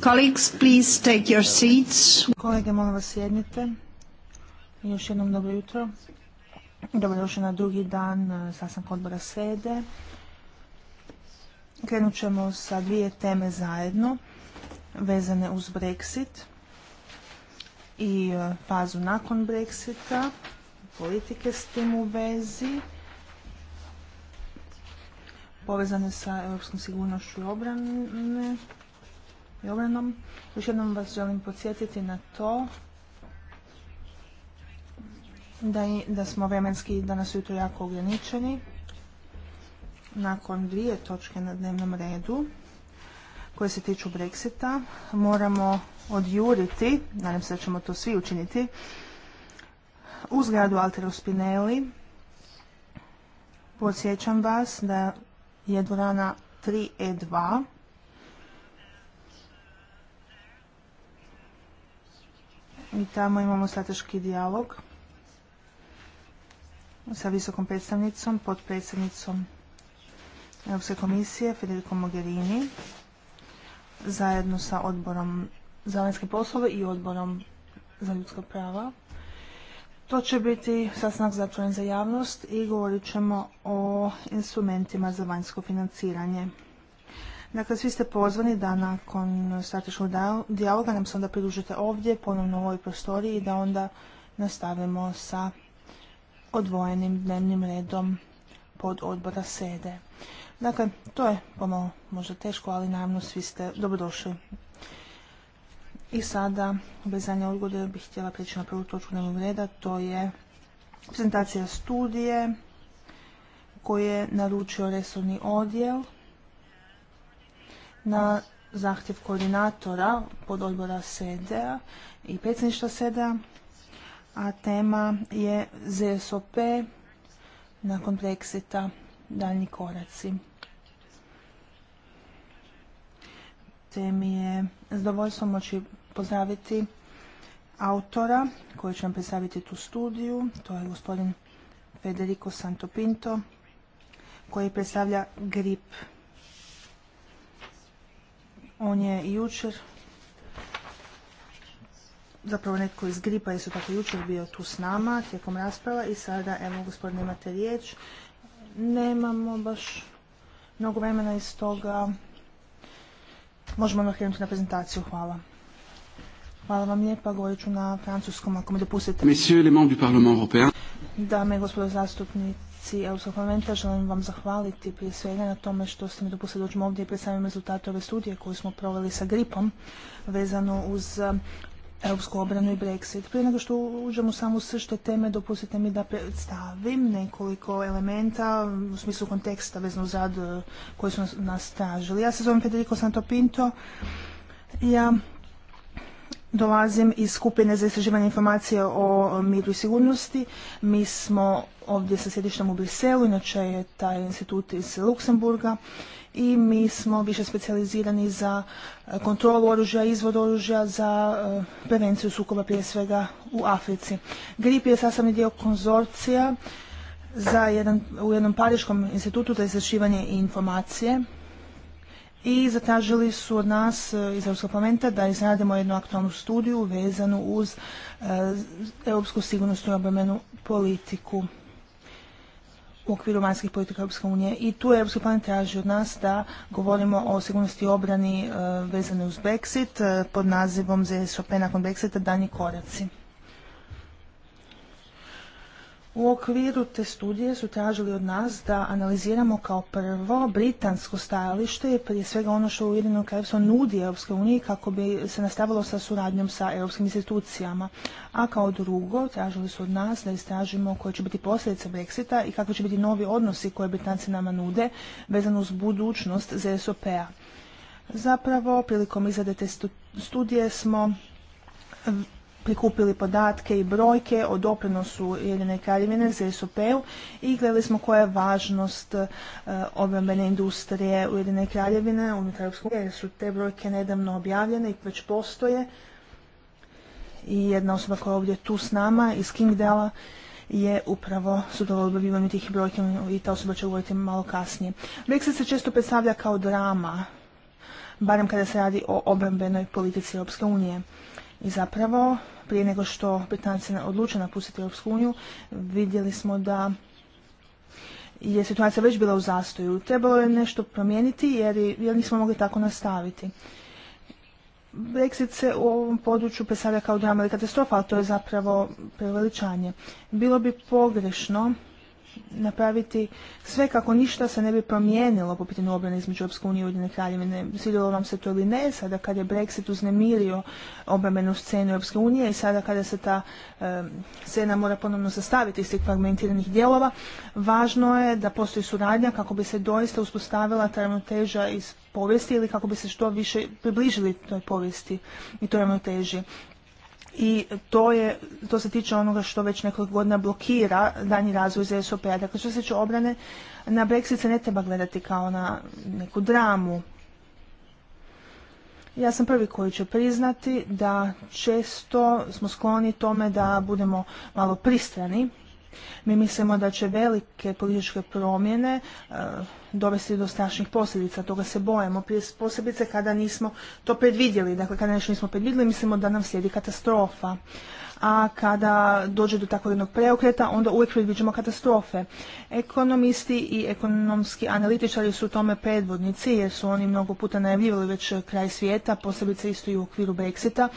Colleagues, please take your seats. Kolege, molim vas sjednite. Još jednom dobro jutro. Dobro došli na drugi dan e, sastanka odbora sede. Krenut ćemo sa dvije teme zajedno vezane uz Brexit i e, fazu nakon Brexita, politike s tim u vezi povezane sa europskom sigurnošću i obrane i obranom. Još jednom vas želim podsjetiti na to da, i, da smo vremenski danas jutro jako ograničeni nakon dvije točke na dnevnom redu koje se tiču Brexita moramo odjuriti, nadam se da ćemo to svi učiniti, u zgradu Altero Spinelli. Podsjećam vas da je dvorana 3E2. I tamo imamo strateški dijalog sa visokom predstavnicom, predstavnicom Europske komisije Federico Mogherini zajedno sa odborom za vanjske poslove i odborom za ljudska prava. To će biti sastanak zatvoren za javnost i govorit ćemo o instrumentima za vanjsko financiranje. Dakle, svi ste pozvani da nakon strateškog dijaloga nam se onda pridružite ovdje, ponovno u ovoj prostoriji i da onda nastavimo sa odvojenim dnevnim redom pod odbora sede. Dakle, to je pomalo možda teško, ali naravno svi ste dobrodošli i sada, bez zadnje odgode, bih htjela prijeći na prvu točku dnevnog reda, to je prezentacija studije koju je naručio resorni odjel na zahtjev koordinatora pod odbora SEDA i predsjedništva SEDA, a tema je ZSOP nakon Brexita daljni koraci. Temi je zadovoljstvo moći pozdraviti autora koji će vam predstaviti tu studiju. To je gospodin Federico Santopinto koji predstavlja GRIP. On je jučer zapravo netko iz gripa je su tako jučer bio tu s nama tijekom rasprava i sada, evo gospodine, imate riječ. Nemamo baš mnogo vremena iz toga. Možemo odmah na prezentaciju. Hvala. Hvala vam lijepa, govorit ću na francuskom ako mi dopustite. Messieurs les membres du Parlement européen. Dame i gospodo zastupnici Europskog parlamenta, želim vam zahvaliti prije svega na tome što ste mi dopustili doći ovdje i predstavim rezultate ove studije koje smo proveli sa gripom vezano uz um, europsku obranu i Brexit. Prije nego što uđemo u sšte teme, dopustite mi da predstavim nekoliko elementa u smislu konteksta vezno uz uh, koji su nas tražili. Ja se zovem Federico Santopinto Ja dolazim iz skupine za istraživanje informacije o miru i sigurnosti. Mi smo ovdje sa sjedištem u Briselu, inače je taj institut iz Luksemburga i mi smo više specijalizirani za e, kontrolu oružja, izvod oružja, za e, prevenciju sukoba prije svega u Africi. GRIP je sastavni dio konzorcija za u jednom pariškom institutu za istraživanje informacije i zatražili su od nas e, iz Europskog parlamenta da izradimo jednu aktualnu studiju vezanu uz e, europsku sigurnosnu i obrambenu politiku u okviru vanjskih politika Europske unije. I tu je Europski parlament traži od nas da govorimo o sigurnosti i obrani e, vezane uz Brexit pod nazivom ZSOP nakon Brexita danji koraci. U okviru te studije su tražili od nas da analiziramo kao prvo britansko stajalište i prije svega ono što Ujedinjeno kraljevstvo nudi Europske unije kako bi se nastavilo sa suradnjom sa europskim institucijama. A kao drugo tražili su od nas da istražimo koje će biti posljedice Brexita i kakvi će biti novi odnosi koje Britanci nama nude vezano uz budućnost ZSOP-a. Zapravo, prilikom izrade te studije smo prikupili podatke i brojke o doprinosu Jedine kraljevine za SOP-u i gledali smo koja je važnost e, obrambene industrije Ujedine kraljevine unutar Europske unije, jer su te brojke nedavno objavljene i već postoje. I jedna osoba koja je ovdje tu s nama iz Kingdala je upravo sudjelovala u tih brojki i ta osoba će govoriti malo kasnije. Brexit se često predstavlja kao drama, barem kada se radi o obrambenoj politici Europske unije. I zapravo, prije nego što Britanci odluče napustiti Europsku uniju, vidjeli smo da je situacija već bila u zastoju. Trebalo je nešto promijeniti jer, jer nismo mogli tako nastaviti. Brexit se u ovom području predstavlja kao drama ili katastrofa, ali to je zapravo preveličanje. Bilo bi pogrešno napraviti sve kako ništa se ne bi promijenilo po pitanju obrane između Europske unije i Ujedinjene kraljevine. Svidjelo vam se to ili ne, sada kad je Brexit uznemirio obrambenu scenu Europske unije i sada kada se ta scena mora ponovno sastaviti iz tih fragmentiranih dijelova, važno je da postoji suradnja kako bi se doista uspostavila ta ravnoteža iz povijesti ili kako bi se što više približili toj povijesti i toj ravnoteži i to, je, to se tiče onoga što već nekoliko godina blokira danji razvoj za SOP-a. Dakle, što se tiče obrane, na Brexit se ne treba gledati kao na neku dramu. Ja sam prvi koji će priznati da često smo skloni tome da budemo malo pristrani mi mislimo da će velike političke promjene e, dovesti do strašnih posljedica, toga se bojimo, posebice kada nismo to predvidjeli. Dakle, kada nešto nismo predvidjeli, mislimo da nam slijedi katastrofa a kada dođe do takvog jednog preokreta, onda uvijek predviđamo katastrofe. Ekonomisti i ekonomski analitičari su u tome predvodnici, jer su oni mnogo puta najavljivali već kraj svijeta, posebice isto i u okviru Brexita,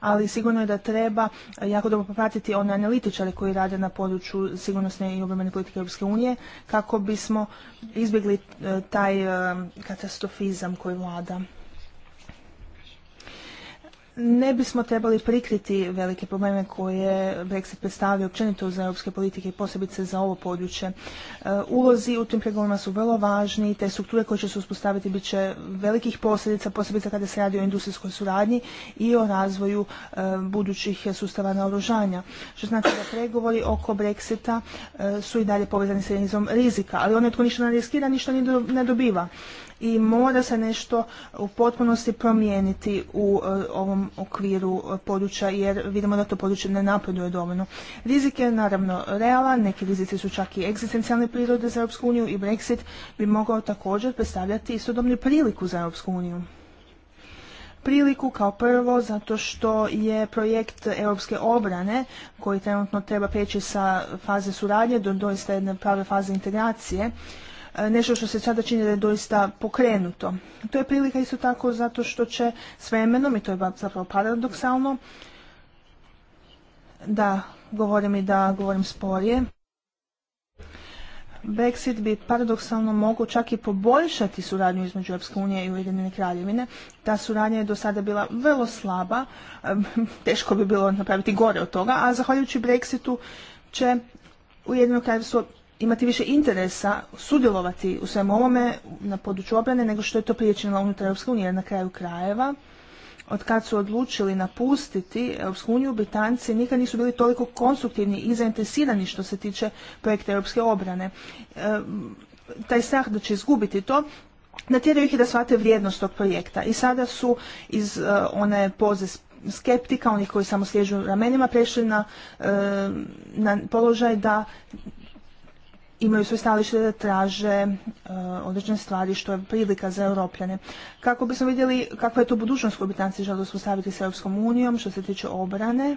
ali sigurno je da treba jako dobro popratiti one analitičare koji rade na području sigurnosne i obrambene politike Europske unije, kako bismo izbjegli e, taj e, katastrofizam koji vlada ne bismo trebali prikriti velike probleme koje Brexit predstavlja općenito za europske politike i posebice za ovo područje. E, ulozi u tim pregovorima su vrlo važni te strukture koje će se uspostaviti bit će velikih posljedica, posebice kada se radi o industrijskoj suradnji i o razvoju e, budućih sustava naoružanja. Što znači da pregovori oko Brexita e, su i dalje povezani s jednizom rizika, ali onaj tko ništa ne riskira ništa ne dobiva i mora se nešto u potpunosti promijeniti u e, ovom okviru e, područja jer vidimo da to područje ne napreduje dovoljno. Rizik je naravno realan, neki rizici su čak i egzistencijalne prirode za Europsku uniju i Brexit bi mogao također predstavljati istodobnu priliku za Europsku uniju priliku kao prvo zato što je projekt europske obrane koji trenutno treba preći sa faze suradnje do doista jedne prave faze integracije nešto što se sada čini da je doista pokrenuto. To je prilika isto tako zato što će s vremenom, i to je zapravo paradoksalno, da govorim i da govorim sporije, Brexit bi paradoksalno mogao čak i poboljšati suradnju između Europske unije i Ujedinjene kraljevine. Ta suradnja je do sada bila vrlo slaba, teško bi bilo napraviti gore od toga, a zahvaljujući Brexitu će Ujedinjeno kraljevstvo imati više interesa sudjelovati u svemu ovome na području obrane nego što je to prije unutar Europske unije na kraju krajeva. Od kad su odlučili napustiti Europsku uniju, Britanci nikad nisu bili toliko konstruktivni i zainteresirani što se tiče projekta Europske obrane. taj strah da će izgubiti to, natjeraju ih i da shvate vrijednost tog projekta. I sada su iz e, one poze skeptika, onih koji samo sliježu ramenima, prešli na e, položaj da imaju svoje stalište da traže e, određene stvari što je prilika za europljane. Kako bismo vidjeli kakva je to budućnost koju Britanci žele uspostaviti s Europskom unijom što se tiče obrane,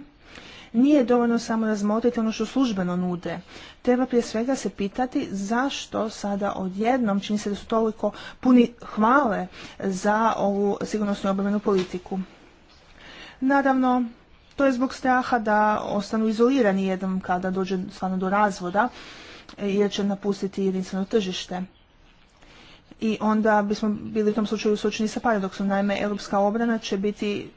nije dovoljno samo razmotriti ono što službeno nude. Treba prije svega se pitati zašto sada odjednom čini se da su toliko puni hvale za ovu sigurnosnu obrambenu politiku. Naravno, to je zbog straha da ostanu izolirani jednom kada dođe stvarno do razvoda jer će napustiti jedinstveno tržište. I onda bismo bili u tom slučaju suočeni sa paradoksom. Naime, europska obrana će biti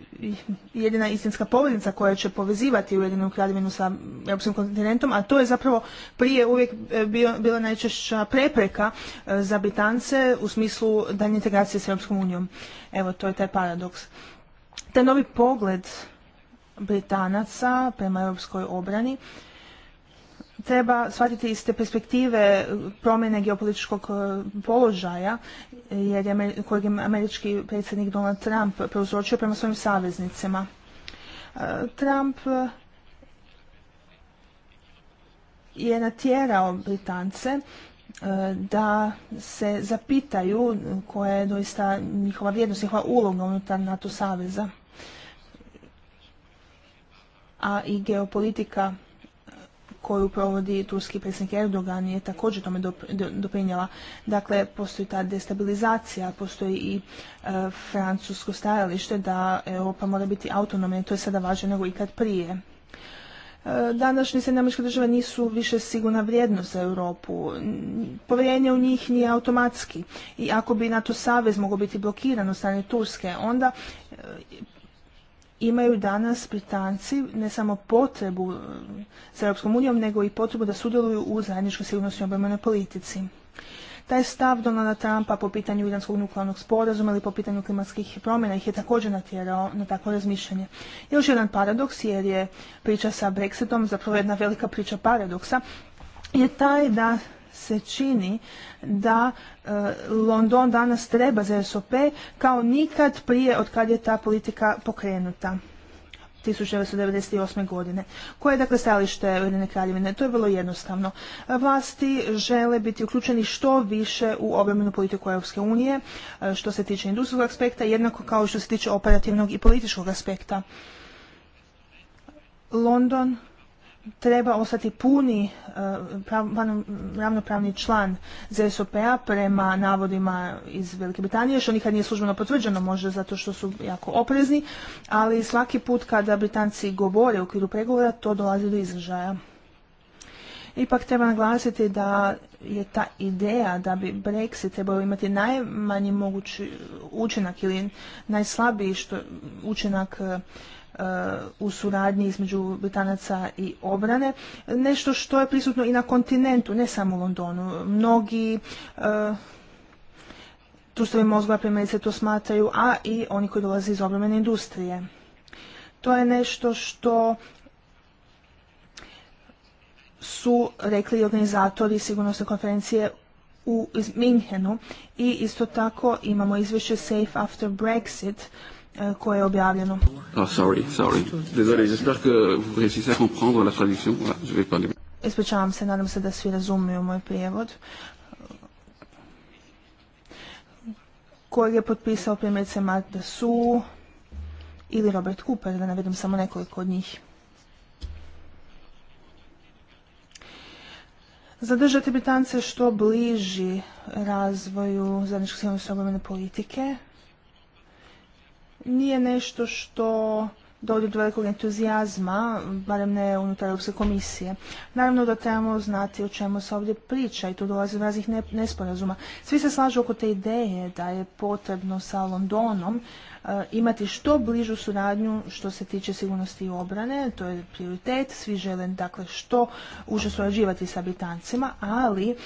jedina istinska poveznica koja će povezivati Ujedinu kraljevinu sa europskim kontinentom, a to je zapravo prije uvijek e, bila najčešća prepreka e, za Britance u smislu daljnje integracije s Europskom unijom. Evo, to je taj paradoks. Taj novi pogled Britanaca prema europskoj obrani treba shvatiti iz te perspektive promjene geopolitičkog e, položaja jer je, kojeg je američki predsjednik Donald Trump prouzročio prema svojim saveznicima. E, Trump je natjerao Britance e, da se zapitaju koja je doista njihova vrijednost, njihova uloga unutar NATO saveza. A i geopolitika koju provodi turski predsjednik Erdogan je također tome doprinjela. Dakle, postoji ta destabilizacija, postoji i e, francusko stajalište da Europa mora biti autonomna i to je sada važnije nego ikad prije. E, današnje nemačke države nisu više sigurna vrijednost za Europu. Povjerenje u njih nije automatski. I ako bi NATO savez mogao biti blokiran od strane Turske, onda e, imaju danas Britanci ne samo potrebu sa Europskom unijom, nego i potrebu da sudjeluju u zajedničkoj sigurnosnoj obrmanoj politici. Taj stav Donalda Trumpa po pitanju iranskog nuklearnog sporazuma ili po pitanju klimatskih promjena ih je također natjerao na takvo razmišljanje. Još jedan paradoks jer je priča sa Brexitom zapravo jedna velika priča paradoksa je taj da se čini da e, London danas treba za SOP kao nikad prije od kad je ta politika pokrenuta. 1998. godine. Koje je dakle stajalište Ujedine kraljevine? To je vrlo jednostavno. Vlasti žele biti uključeni što više u obrambenu politiku Europske unije, e, što se tiče industrijskog aspekta, jednako kao što se tiče operativnog i političkog aspekta. London treba ostati puni e, ravnopravni član ZSOP-a prema navodima iz Velike Britanije, što nikad nije službeno potvrđeno, možda zato što su jako oprezni, ali svaki put kada Britanci govore u okviru pregovora, to dolazi do izražaja. Ipak treba naglasiti da je ta ideja da bi Brexit trebao imati najmanji mogući učinak ili najslabiji što, učinak e, u suradnji između Britanaca i obrane, nešto što je prisutno i na kontinentu, ne samo u Londonu. Mnogi trustovi eh, mozgova primjerice to smatraju, a i oni koji dolaze iz obrambene industrije. To je nešto što su rekli organizatori sigurnosne konferencije u Minhenu i isto tako imamo izvješće Safe After Brexit E, koje je objavljeno. Oh, Ispričavam se, nadam se da svi razumiju moj prijevod. Kojeg je potpisao primjerice Marta Su ili Robert Cooper, da navedem samo nekoliko od njih. Zadržati Britance što bliži razvoju zajedničke sigurnosne obrambene politike, nije nešto što dođu do velikog entuzijazma, barem ne unutar Europske komisije. Naravno da trebamo znati o čemu se ovdje priča i tu dolazi do raznih nesporazuma. Svi se slažu oko te ideje da je potrebno sa Londonom e, imati što bližu suradnju što se tiče sigurnosti i obrane, to je prioritet, svi žele dakle što uže surađivati sa Britancima, ali e,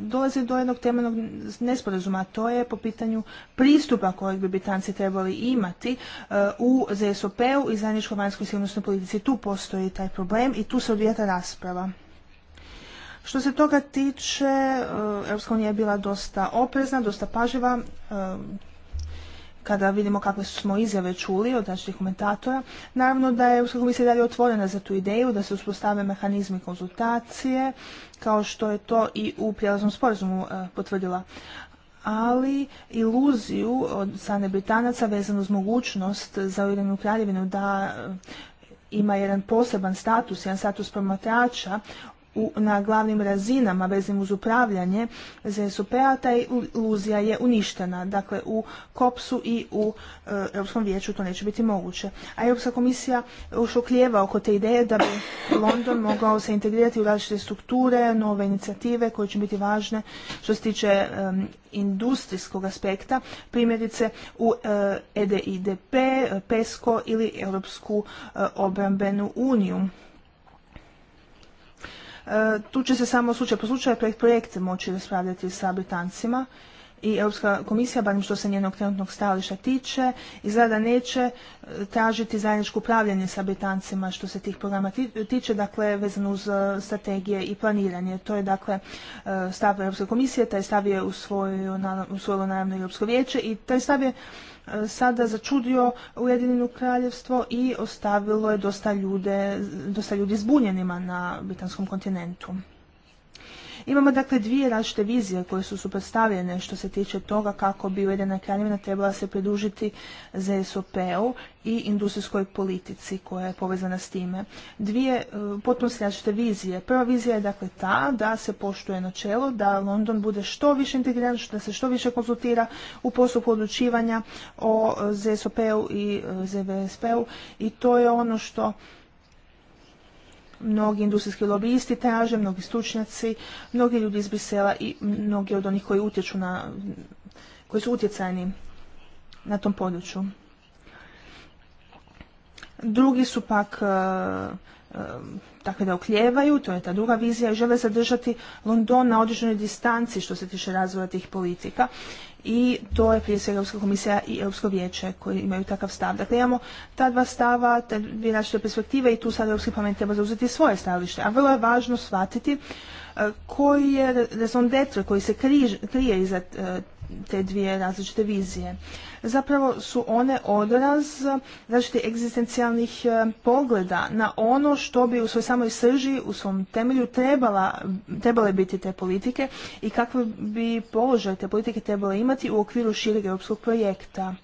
dolazi do jednog temeljnog nesporazuma, to je po pitanju pristupa kojeg bi Britanci trebali imati e, u ZSOP-u i zajedničkoj vanjskoj sigurnosnoj politici. Tu postoji taj problem i tu se odvija ta rasprava. Što se toga tiče, eh, Europska unija je bila dosta oprezna, dosta paživa, eh, kada vidimo kakve smo izjave čuli od naših komentatora. Naravno da je Europska komisija dalje otvorena za tu ideju, da se uspostave mehanizmi konzultacije, kao što je to i u prijelaznom sporazumu eh, potvrdila ali iluziju od strane Britanaca vezanu uz mogućnost za Ujedinjenu kraljevinu da e, ima jedan poseban status, jedan status promatrača u, na glavnim razinama vezim uz upravljanje ZSUP-a, ta iluzija je uništena. Dakle, u Kopsu i u e, Europskom vijeću to neće biti moguće. A Europska komisija ušokljeva oko te ideje da bi London mogao se integrirati u različite strukture, nove inicijative koje će biti važne što se tiče industrijskog aspekta, primjerice u e, EDIDP, PESCO ili Europsku e, obrambenu uniju E, tu će se samo slučaj po slučaju projekt projekt moći raspravljati sa Britancima i Europska komisija, barem što se njenog trenutnog stajališta tiče, izgleda neće e, tražiti zajedničko upravljanje sa Britancima što se tih programa tiče, dakle vezano uz e, strategije i planiranje. To je dakle stav Europske komisije, taj stav je u usvojilo naravno Europsko vijeće i taj stav je sada začudio Ujedinjeno kraljevstvo i ostavilo je dosta, dosta ljudi zbunjenima na britanskom kontinentu. Imamo dakle dvije različite vizije koje su suprotstavljene što se tiče toga kako bi Ujedina kraljevina trebala se pridružiti ZSOP-u i industrijskoj politici koja je povezana s time. Dvije e, potpuno različite vizije. Prva vizija je dakle ta da se poštuje načelo, da London bude što više integriran, da se što više konzultira u postupku odlučivanja o e, ZSOP-u i e, ZVSP-u i to je ono što mnogi industrijski lobijisti traže, mnogi stručnjaci, mnogi ljudi iz Brisela i mnogi od onih koji utječu na, koji su utjecajni na tom području. Drugi su pak eh, Um, takve da okljevaju, to je ta druga vizija, i žele zadržati London na određenoj distanci što se tiče razvoja tih politika. I to je prije svega Europska komisija i Europsko vijeće koji imaju takav stav. Dakle, imamo ta dva stava, te dvije različite perspektive i tu sad Europski parlament treba zauzeti svoje stajalište. A vrlo je važno shvatiti uh, koji je rezon koji se krije iza uh, te dvije različite vizije. Zapravo su one odraz različitih egzistencijalnih e, pogleda na ono što bi u svoj samoj srži, u svom temelju trebala, trebale biti te politike i kakve bi položaj te politike trebale imati u okviru šireg europskog projekta.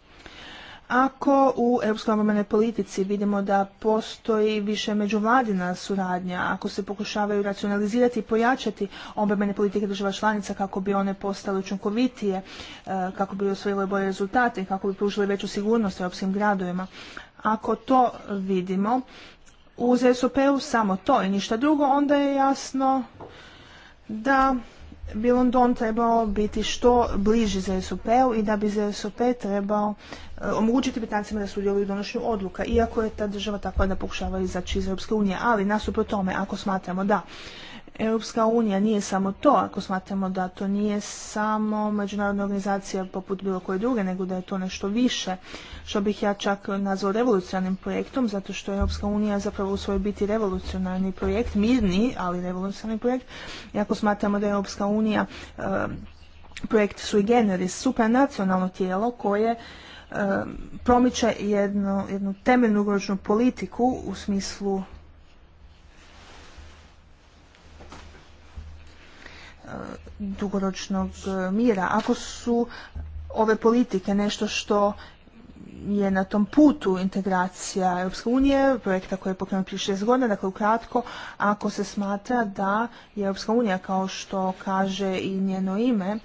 Ako u europskoj obrambenoj politici vidimo da postoji više međuvladina suradnja, ako se pokušavaju racionalizirati i pojačati obrambene politike država članica kako bi one postale učinkovitije, e, kako bi osvojile bolje rezultate i kako bi pružile veću sigurnost europskim gradovima, ako to vidimo u ZSOP-u samo to i ništa drugo, onda je jasno da bi London trebao biti što bliži ZSOP-u i da bi za ZSOP trebao eh, omogućiti Britancima da sudjeluju u donošenju odluka, iako je ta država takva da pokušava izaći iz Europske unije. Ali nasuprot tome, ako smatramo da Europska unija nije samo to, ako smatramo da to nije samo međunarodna organizacija poput bilo koje druge, nego da je to nešto više, što bih ja čak nazvao revolucionarnim projektom, zato što je Europska unija zapravo u svojoj biti revolucionarni projekt, mirni, ali revolucionarni projekt. I ako smatramo da je Europska unija eh, projekt sui generis, supranacionalno tijelo koje eh, promiče jednu, jednu temeljnu ugroženu politiku u smislu dugoročnog e, mira, ako su ove politike nešto što je na tom putu integracija Europske unije, projekta koji je pokrenut prije šest godina, dakle ukratko, ako se smatra da je Europska unija, kao što kaže i njeno ime,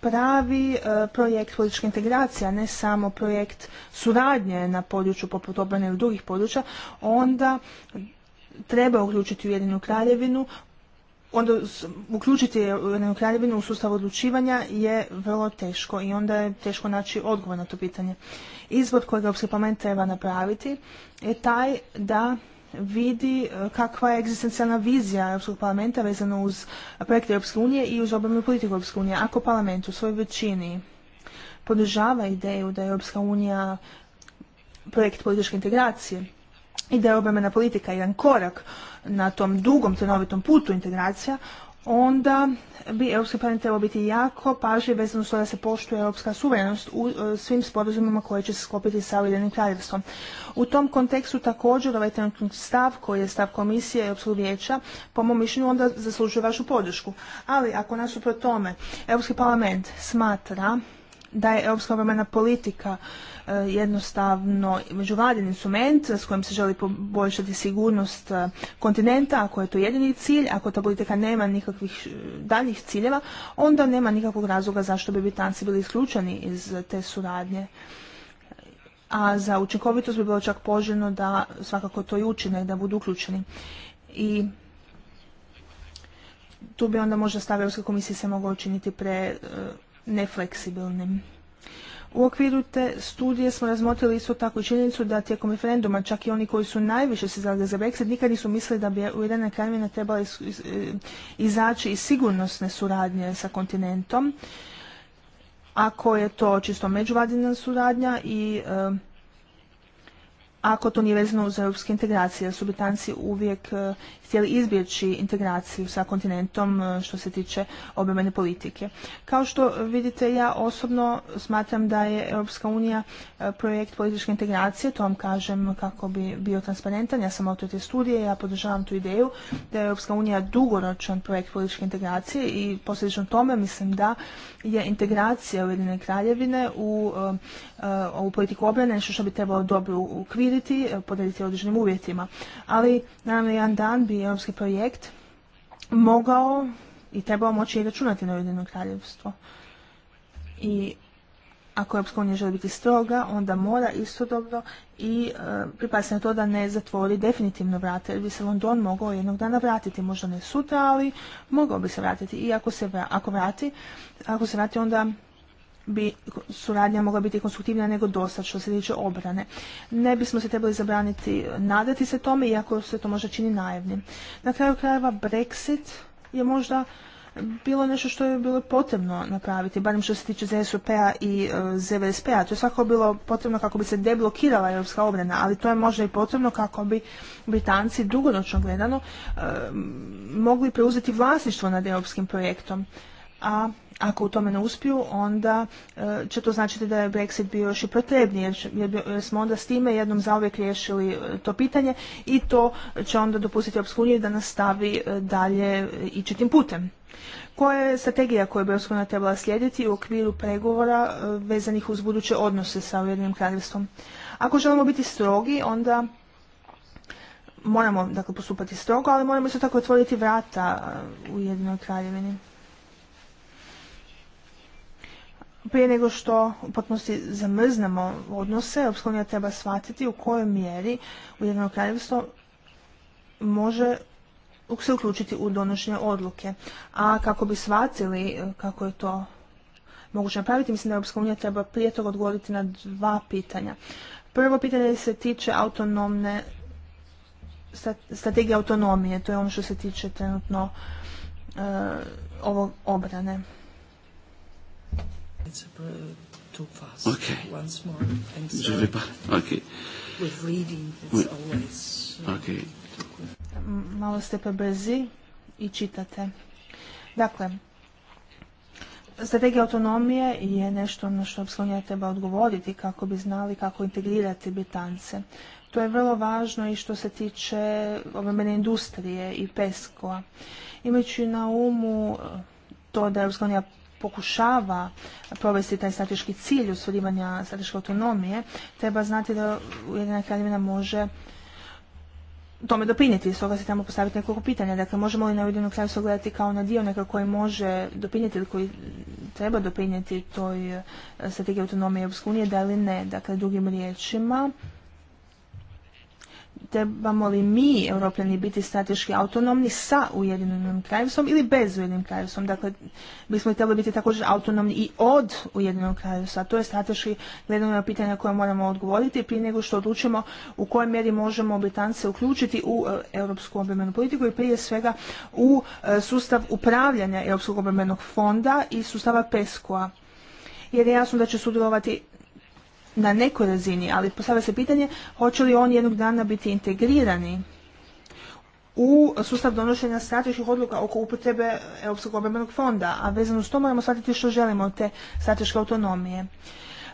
pravi e, projekt političke integracije, a ne samo projekt suradnje na području poput obrane ili drugih područja, onda treba uključiti Ujedinu kraljevinu onda uključiti Ujedinjenu kraljevinu u sustav odlučivanja je vrlo teško i onda je teško naći odgovor na to pitanje. izvod kojeg Europski parlament treba napraviti je taj da vidi e, kakva je egzistencijalna vizija Europskog parlamenta vezano uz projekte Europske unije i uz obrnu politiku Europske unije. Ako parlament u svojoj većini podržava ideju da je Europska unija projekt političke integracije, i da je obrambena politika jedan korak na tom dugom trenovitom putu integracija, onda bi Europski parlament trebao biti jako pažljiv vezano to da se poštuje europska suverenost u e, svim sporazumima koje će se sklopiti sa Ujedinjenim kraljevstvom. U tom kontekstu također ovaj trenutni stav koji je stav komisije Europskog vijeća po mom mišljenju onda zaslužuje vašu podršku. Ali ako nasuprot tome Europski parlament smatra da je europska obrambena politika e, jednostavno međuvladin instrument s kojim se želi poboljšati sigurnost e, kontinenta, ako je to jedini cilj, ako ta politika nema nikakvih e, daljih ciljeva, onda nema nikakvog razloga zašto bi Britanci bili isključeni iz te suradnje a za učinkovitost bi bilo čak poželjno da svakako to i učine, da budu uključeni. I tu bi onda možda stav Europske komisije se mogao učiniti pre nefleksibilnim. U okviru te studije smo razmotrili isto tako činjenicu da tijekom referenduma čak i oni koji su najviše se zalagali za Brexit nikad nisu mislili da bi Ujedinjena Kraljevina trebala e, izaći iz sigurnosne suradnje sa kontinentom, ako je to čisto međuvladina suradnja i e, ako to nije vezano uz europske integracije, jer su Britanci uvijek e, htjeli izbjeći integraciju sa kontinentom e, što se tiče obrambene politike. Kao što vidite, ja osobno smatram da je Europska unija e, projekt političke integracije, to vam kažem kako bi bio transparentan, ja sam autor te studije, ja podržavam tu ideju da je Europska unija dugoročan projekt političke integracije i posljedično tome mislim da je integracija Ujedine kraljevine u um, uh, ovu politiku obrane nešto što bi trebalo dobro ukviriti, eh, podrediti određenim uvjetima. Ali, naravno, jedan dan bi europski projekt mogao i trebao moći i računati na Ujedinu kraljevstvo. I ako Europska unija želi biti stroga, onda mora istodobno i e, pripada na to da ne zatvori definitivno vrate. jer bi se London mogao jednog dana vratiti, možda ne sutra, ali mogao bi se vratiti. I ako se, ako vrati, ako se vrati, onda bi suradnja mogla biti konstruktivnija nego dosad što se tiče obrane. Ne bismo se trebali zabraniti nadati se tome, iako se to možda čini naivnim. Na kraju krajeva Brexit je možda bilo nešto što je bilo potrebno napraviti, barem što se tiče ZSUP-a i e, ZVSP-a. To je svako bilo potrebno kako bi se deblokirala europska obrana, ali to je možda i potrebno kako bi Britanci dugoročno gledano e, mogli preuzeti vlasništvo nad europskim projektom a ako u tome ne uspiju, onda e, će to značiti da je Brexit bio još i potrebniji, jer, smo onda s time jednom zauvijek riješili e, to pitanje i to će onda dopustiti eu da nastavi e, dalje ići tim putem. Koja je strategija koju bi EU trebala slijediti u okviru pregovora vezanih uz buduće odnose sa Ujedinim kraljevstvom? Ako želimo biti strogi, onda moramo dakle, postupati strogo, ali moramo isto tako otvoriti vrata u jedinoj kraljevini. prije nego što u potpunosti zamrznemo odnose, Europska treba shvatiti u kojoj mjeri Ujedinjeno kraljevstvo može se uključiti u donošenje odluke. A kako bi shvatili e, kako je to moguće napraviti, mislim da Europska unija treba prije toga odgovoriti na dva pitanja. Prvo pitanje se tiče autonomne strategije autonomije, to je ono što se tiče trenutno e, ovog obrane. Malo ste prebrzi i čitate. Dakle, Strategija autonomije je nešto na što je treba odgovoriti kako bi znali kako integrirati Britance. To je vrlo važno i što se tiče obrambene industrije i peskova Imajući na umu uh, to da je Europska pokušava provesti taj strateški cilj usvodivanja strateške autonomije, treba znati da Ujedinjena kraljevina može tome doprinijeti. Stoga se tamo postaviti nekoliko pitanja. Dakle, možemo li na Ujedinu kraljevstvo gledati kao na dio neka koji može doprinijeti ili koji treba doprinijeti toj eh, strategiji autonomije Europske unije, da li ne. Dakle, drugim riječima, trebamo li mi, europljani, biti strateški autonomni sa Ujedinjenim kraljevstvom ili bez Ujedinjenim kraljevstvom. Dakle, bismo li trebali biti također autonomni i od Ujedinjenog kraljevstva. To je strateški gledano pitanje na koje moramo odgovoriti prije nego što odlučimo u kojoj mjeri možemo Britance uključiti u e, europsku obrambenu politiku i prije svega u e, sustav upravljanja Europskog obrambenog fonda i sustava PESCO-a jer je jasno da će sudjelovati na nekoj razini, ali postavlja se pitanje hoće li oni jednog dana biti integrirani u sustav donošenja strateških odluka oko upotrebe Europskog obrambenog fonda, a vezano s to moramo shvatiti što želimo od te strateške autonomije.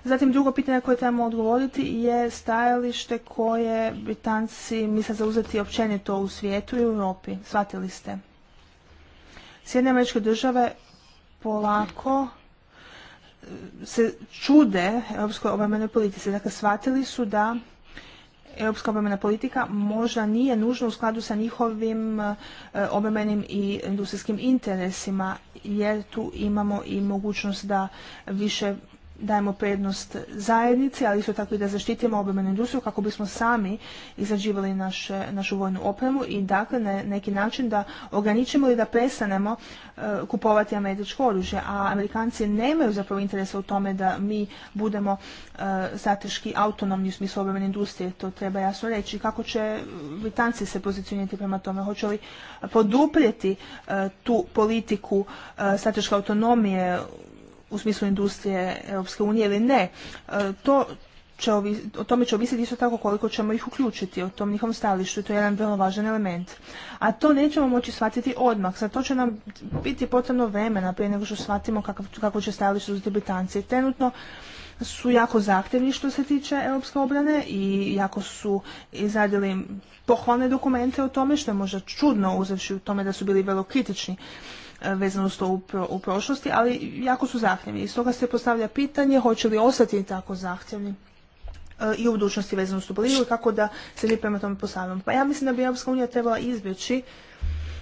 Zatim drugo pitanje koje trebamo odgovoriti je stajalište koje Britanci misle zauzeti općenito u svijetu i u Europi. Shvatili ste. Sjedne američke države polako se čude europskoj obrambenoj politici. Dakle, shvatili su da europska obrambena politika možda nije nužno u skladu sa njihovim e, obrambenim i industrijskim interesima, jer tu imamo i mogućnost da više dajemo prednost zajednici, ali isto tako i da zaštitimo obrambenu industriju kako bismo sami izrađivali našu vojnu opremu i dakle na neki način da ograničimo ili da prestanemo e, kupovati američko oružje. A Amerikanci nemaju zapravo interesa u tome da mi budemo e, strateški autonomni u smislu obrambene industrije, to treba jasno reći. Kako će Britanci se pozicionirati prema tome? Hoće li poduprijeti e, tu politiku strateške autonomije u smislu industrije Europske unije ili ne. E, to će o tome će ovisiti isto tako koliko ćemo ih uključiti o tom njihovom stajalištu. To je jedan vrlo važan element. A to nećemo moći shvatiti odmah. Za to će nam biti potrebno vremena prije nego što shvatimo kako, kako će stajalište uzeti Britanci. Trenutno su jako zahtjevni što se tiče europske obrane i jako su izradili pohvalne dokumente o tome što je možda čudno uzevši u tome da su bili vrlo kritični vezano to u prošlosti, ali jako su zahtjevni. I stoga se postavlja pitanje hoće li ostati tako zahtjevni e, i u budućnosti vezano uz tu i kako da se mi prema tome postavljamo. Pa ja mislim da bi Europska unija trebala izbjeći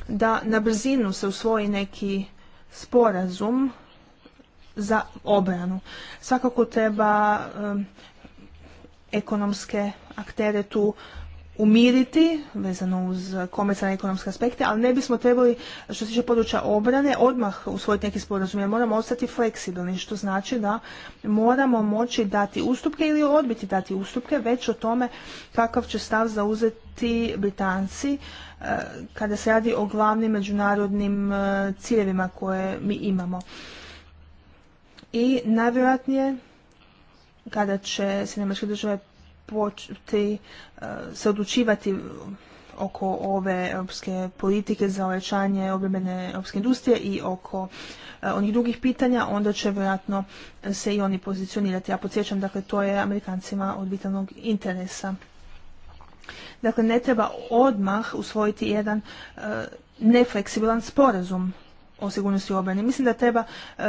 da na brzinu se usvoji neki sporazum za obranu. Svakako treba e, ekonomske aktere tu umiriti vezano uz komercijalne ekonomske aspekte, ali ne bismo trebali što se tiče područja obrane odmah usvojiti neki sporazum jer moramo ostati fleksibilni što znači da moramo moći dati ustupke ili odbiti dati ustupke već o tome kakav će stav zauzeti Britanci eh, kada se radi o glavnim međunarodnim eh, ciljevima koje mi imamo. I najvjerojatnije kada će Sjedinjene države početi e, se odlučivati oko ove europske politike za ojačanje obrambene europske industrije i oko e, onih drugih pitanja, onda će vjerojatno se i oni pozicionirati. Ja podsjećam, dakle, to je Amerikancima od vitalnog interesa. Dakle, ne treba odmah usvojiti jedan e, nefleksibilan sporazum o sigurnosti obrane. Mislim da treba e,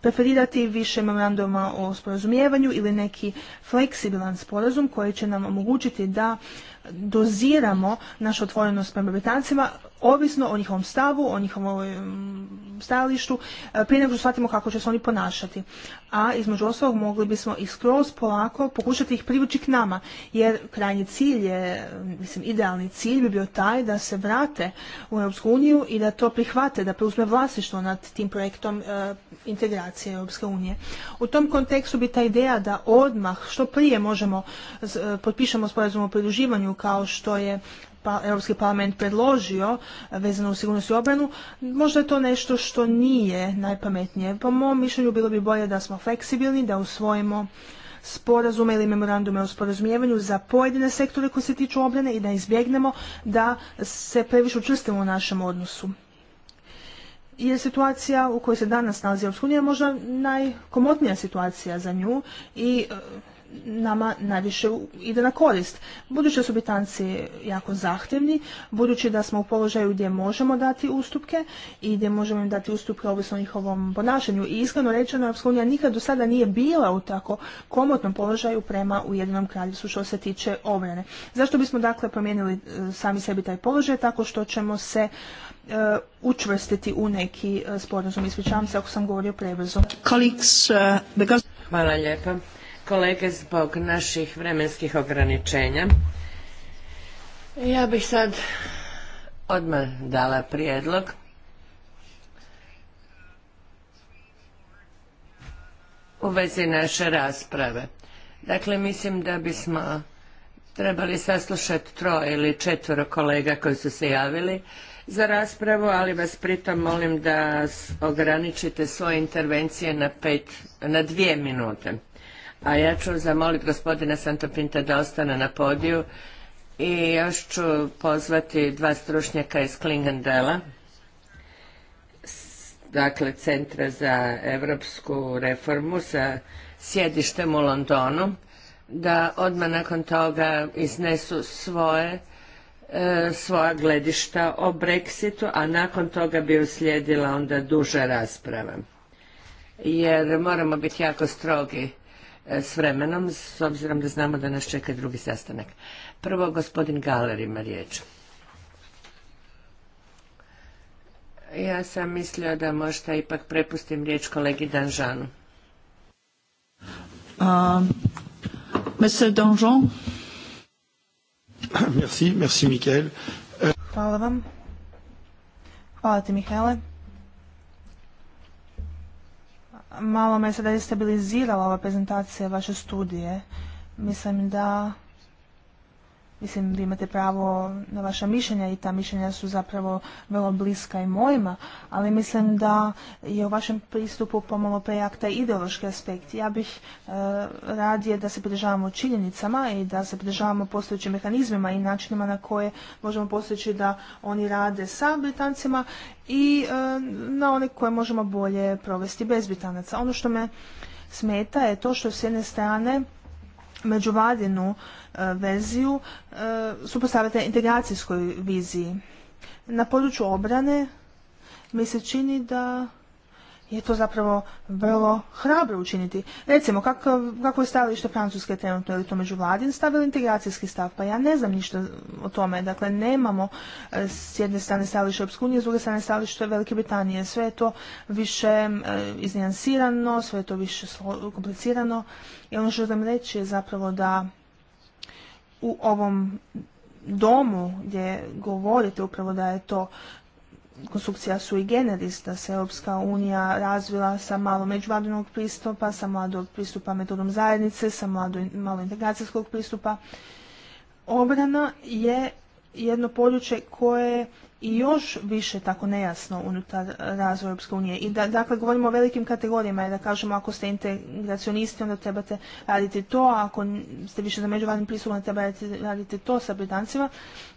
preferirati više memoranduma o sporazumijevanju ili neki fleksibilan sporazum koji će nam omogućiti da doziramo našu otvorenost prema Britancima, ovisno o njihovom stavu, o njihovom um, stajalištu, e, prije nego što shvatimo kako će se oni ponašati. A između ostalog mogli bismo i skroz polako pokušati ih privući k nama, jer krajnji cilj je, mislim, idealni cilj bi bio taj da se vrate u Europsku uniju i da to prihvate, da preuzme vlasništvo nad tim projektom e, integracije Europske unije. U tom kontekstu bi ta ideja da odmah što prije možemo e, potpišemo sporazum o pridruživanju kao što je pa, Europski parlament predložio vezano u sigurnost i obranu, možda je to nešto što nije najpametnije. Po mom mišljenju bilo bi bolje da smo fleksibilni, da usvojimo sporazume ili memorandume o sporazumijevanju za pojedine sektore koji se tiču obrane i da izbjegnemo da se previše učrstimo u našem odnosu. Jer situacija u kojoj se danas nalazi Europska unija možda najkomotnija situacija za nju i nama najviše ide na korist. Budući da su bitanci jako zahtjevni, budući da smo u položaju gdje možemo dati ustupke i gdje možemo im dati ustupke ovisno o njihovom ponašanju. I iskreno rečeno, Europska unija nikad do sada nije bila u tako komotnom položaju prema Ujedinom kraljevstvu što se tiče obrane. Zašto bismo dakle promijenili e, sami sebi taj položaj tako što ćemo se e, učvrstiti u neki e, sporazum. Ispričavam se ako sam govorio prebrzo. Uh, Hvala lijepa kolege zbog naših vremenskih ograničenja. Ja bih sad odmah dala prijedlog. u vezi naše rasprave. Dakle, mislim da bismo trebali saslušati troje ili četvoro kolega koji su se javili za raspravu, ali vas pritom molim da ograničite svoje intervencije na, pet, na dvije minute a ja ću zamoliti gospodina Santopinta da ostane na podiju i još ću pozvati dva stručnjaka iz Klingendela, dakle Centra za evropsku reformu sa sjedištem u Londonu, da odmah nakon toga iznesu svoje e, svoja gledišta o Brexitu, a nakon toga bi uslijedila onda duža rasprava. Jer moramo biti jako strogi s vremenom, s obzirom da znamo da nas čeka drugi sastanak. Prvo, gospodin Galer ima riječ. Ja sam mislio da možda ipak prepustim riječ kolegi Danžanu. Um, uh, Danžan. Merci, merci Hvala vam malo me sada destabilizirala ova prezentacija vaše studije. Mislim da Mislim, vi imate pravo na vaša mišljenja i ta mišljenja su zapravo vrlo bliska i mojima, ali mislim da je u vašem pristupu pomalo prejak taj ideološki aspekt. Ja bih e, radije da se pridržavamo činjenicama i da se pridržavamo postojećim mehanizmima i načinima na koje možemo postojeći da oni rade sa Britancima i e, na one koje možemo bolje provesti bez Britanaca. Ono što me smeta je to što s jedne strane međuvladinu e, verziju e, supostavljate integracijskoj viziji. Na području obrane mi se čini da je to zapravo vrlo hrabro učiniti. Recimo, kako, kako je stajalište Francuske trenutno, je li to međuvladin stav ili integracijski stav? Pa ja ne znam ništa o tome. Dakle, nemamo e, s jedne strane stajalište Europske unije, s druge strane stajalište Velike Britanije. Sve je to više e, iznijansirano, sve je to više komplicirano. I ono što želim reći je zapravo da u ovom domu gdje govorite upravo da je to konstrukcija sui generis, da se Europska unija razvila sa malo međuvladinog pristupa, sa mladog pristupa metodom zajednice, sa mladog malo integracijskog pristupa. Obrana je jedno područje koje i još više tako nejasno unutar razvoja Europske unije. I da, dakle, govorimo o velikim kategorijama, jer da kažemo ako ste integracionisti, onda trebate raditi to, a ako ste više za međuvarnim pristup, onda trebate raditi to sa Britancima.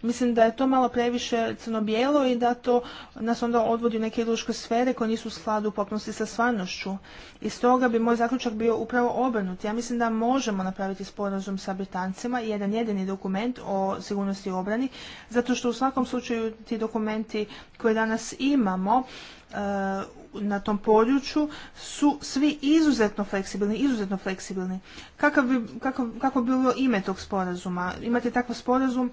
Mislim da je to malo previše crno-bijelo i da to nas onda odvodi u neke ideološke sfere koje nisu u skladu u potpunosti sa stvarnošću. I stoga bi moj zaključak bio upravo obrnut. Ja mislim da možemo napraviti sporazum sa Britancima, jedan jedini dokument o sigurnosti i obrani, zato što u svakom slučaju ti dokumenti koje danas imamo e, na tom području su svi izuzetno fleksibilni, izuzetno fleksibilni. Kakav bi, kako bi bilo ime tog sporazuma? Imati takav sporazum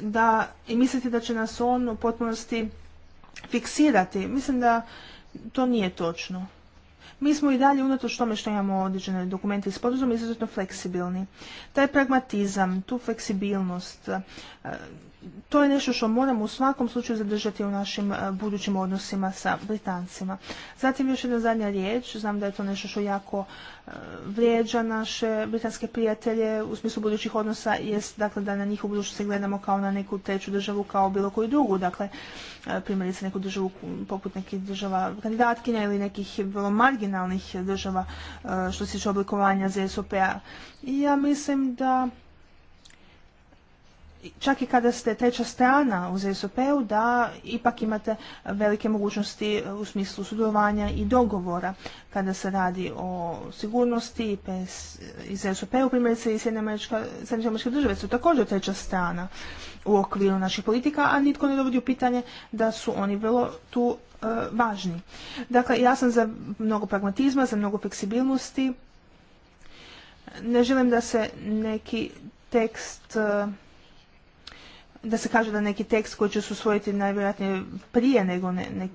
da i misliti da će nas on u potpunosti fiksirati. Mislim da to nije točno. Mi smo i dalje, unatoč tome što imamo određene dokumente i sporazume, izuzetno fleksibilni. Taj pragmatizam, tu fleksibilnost, e, to je nešto što moramo u svakom slučaju zadržati u našim e, budućim odnosima sa Britancima. Zatim još jedna zadnja riječ, znam da je to nešto što jako e, vrijeđa naše britanske prijatelje u smislu budućih odnosa, jest dakle, da na njih u budućnosti gledamo kao na neku treću državu, kao bilo koju drugu, dakle e, primjerice neku državu poput nekih država kandidatkinja ili nekih vrlo marginalnih država što se tiče oblikovanja ZSOP-a. Ja mislim da čak i kada ste treća strana u ZSOP-u da ipak imate velike mogućnosti u smislu sudovanja i dogovora kada se radi o sigurnosti i ZSOP-u primjerice i Sjedinjene američke države su također treća strana u okviru naših politika, a nitko ne dovodi u pitanje da su oni vrlo tu e, važni. Dakle, ja sam za mnogo pragmatizma, za mnogo fleksibilnosti. Ne želim da se neki tekst e, da se kaže da neki tekst koji će se usvojiti najvjerojatnije prije nego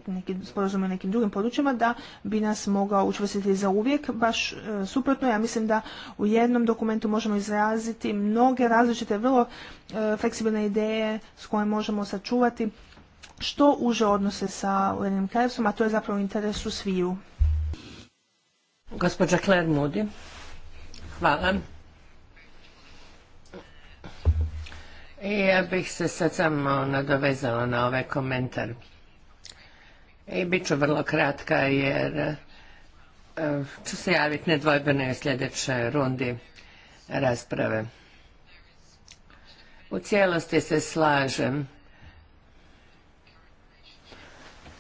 neki sporazum u nekim drugim područjima, da bi nas mogao učvrstiti za uvijek, baš e, suprotno. Ja mislim da u jednom dokumentu možemo izraziti mnoge različite, vrlo e, fleksibilne ideje s koje možemo sačuvati što uže odnose sa Ujedinim kraljevstvom, a to je zapravo u sviju. Gospođa Claire Moody, hvala. E, ja bih se sad samo nadovezala na ovaj komentar. I bit ću vrlo kratka jer e, ću se javiti nedvojbeno u sljedećoj rundi rasprave. U cijelosti se slažem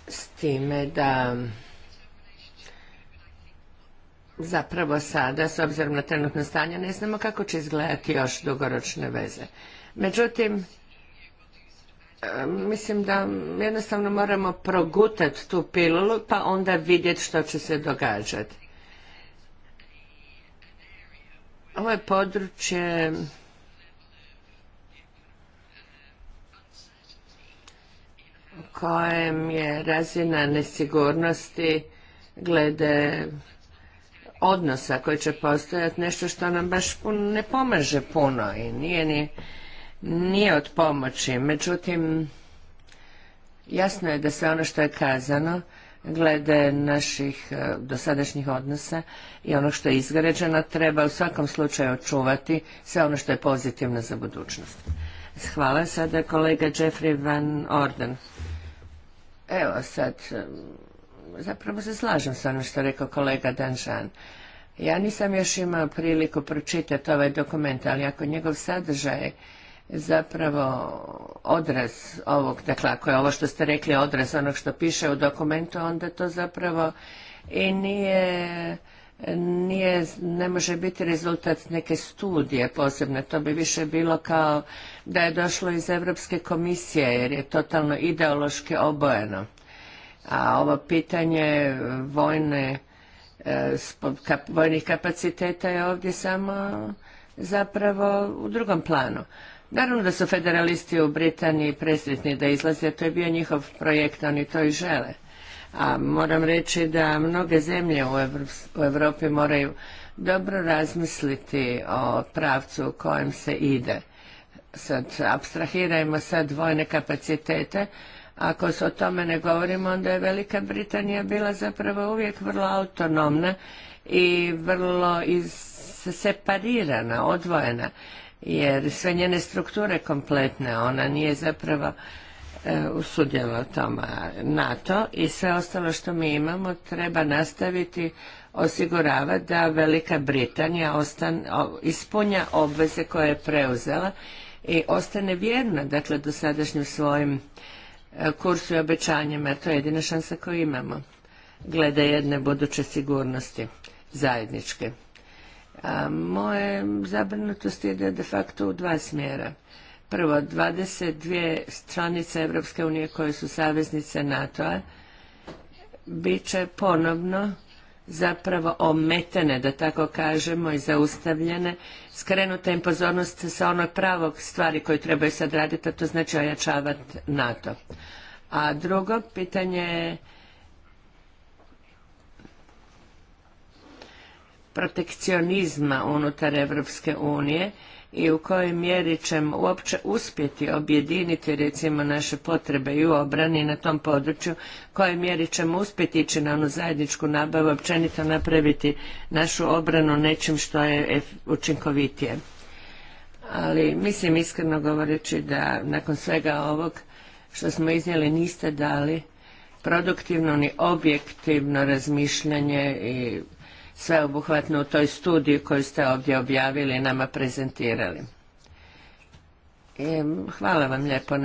s time da zapravo sada, s obzirom na trenutno stanje, ne znamo kako će izgledati još dugoročne veze. Međutim, e, mislim da jednostavno moramo progutati tu pilulu pa onda vidjeti što će se događati. Ovo je područje u kojem je razina nesigurnosti glede odnosa koji će postojati nešto što nam baš ne pomaže puno i nije ni nije od pomoći, međutim jasno je da se ono što je kazano glede naših e, dosadašnjih odnosa i ono što je izgrađeno treba u svakom slučaju očuvati sve ono što je pozitivno za budućnost. Hvala. Sada kolega Jeffrey Van Orden. Evo sad, e, zapravo se slažem sa ono što je rekao kolega Danžan. Ja nisam još imao priliku pročitati ovaj dokument, ali ako njegov sadržaj zapravo odraz ovog, dakle ako je ovo što ste rekli odraz onog što piše u dokumentu, onda to zapravo i nije, nije, ne može biti rezultat neke studije posebne, to bi više bilo kao da je došlo iz Europske komisije jer je totalno ideološki obojeno. A ovo pitanje vojne, e, vojnih kapaciteta je ovdje samo zapravo u drugom planu. Naravno da su federalisti u Britaniji presretni da izlaze, to je bio njihov projekt, oni to i žele. A moram reći da mnoge zemlje u Europi moraju dobro razmisliti o pravcu u kojem se ide. Sad abstrahirajmo sad vojne kapacitete, ako se o tome ne govorimo, onda je Velika Britanija bila zapravo uvijek vrlo autonomna i vrlo iz separirana, odvojena jer sve njene strukture kompletne, ona nije zapravo e, usudjela tome NATO i sve ostalo što mi imamo treba nastaviti osiguravati da Velika Britanija ispunja obveze koje je preuzela i ostane vjerna dakle dosadašnjim svojim e, kursu i obećanjima. To je jedina šansa koju imamo glede jedne buduće sigurnosti zajedničke. A moje zabrinutost ide de facto u dva smjera. Prvo, 22 članice Europske unije koje su saveznice NATO-a bit će ponovno zapravo ometene, da tako kažemo, i zaustavljene, skrenuta im pozornost sa onog pravog stvari koju trebaju sad raditi, a to znači ojačavati NATO. A drugo, pitanje je protekcionizma unutar Evropske unije i u kojoj mjeri ćemo uopće uspjeti objediniti recimo naše potrebe i u obrani na tom području, u kojoj mjeri ćemo uspjeti ići na onu zajedničku nabavu, općenito napraviti našu obranu nečim što je učinkovitije. Ali mislim iskreno govoreći da nakon svega ovog što smo iznijeli niste dali produktivno ni objektivno razmišljanje i sveobuhvatno u toj studiji koju ste ovdje objavili i nama prezentirali. hvala vam lijepo.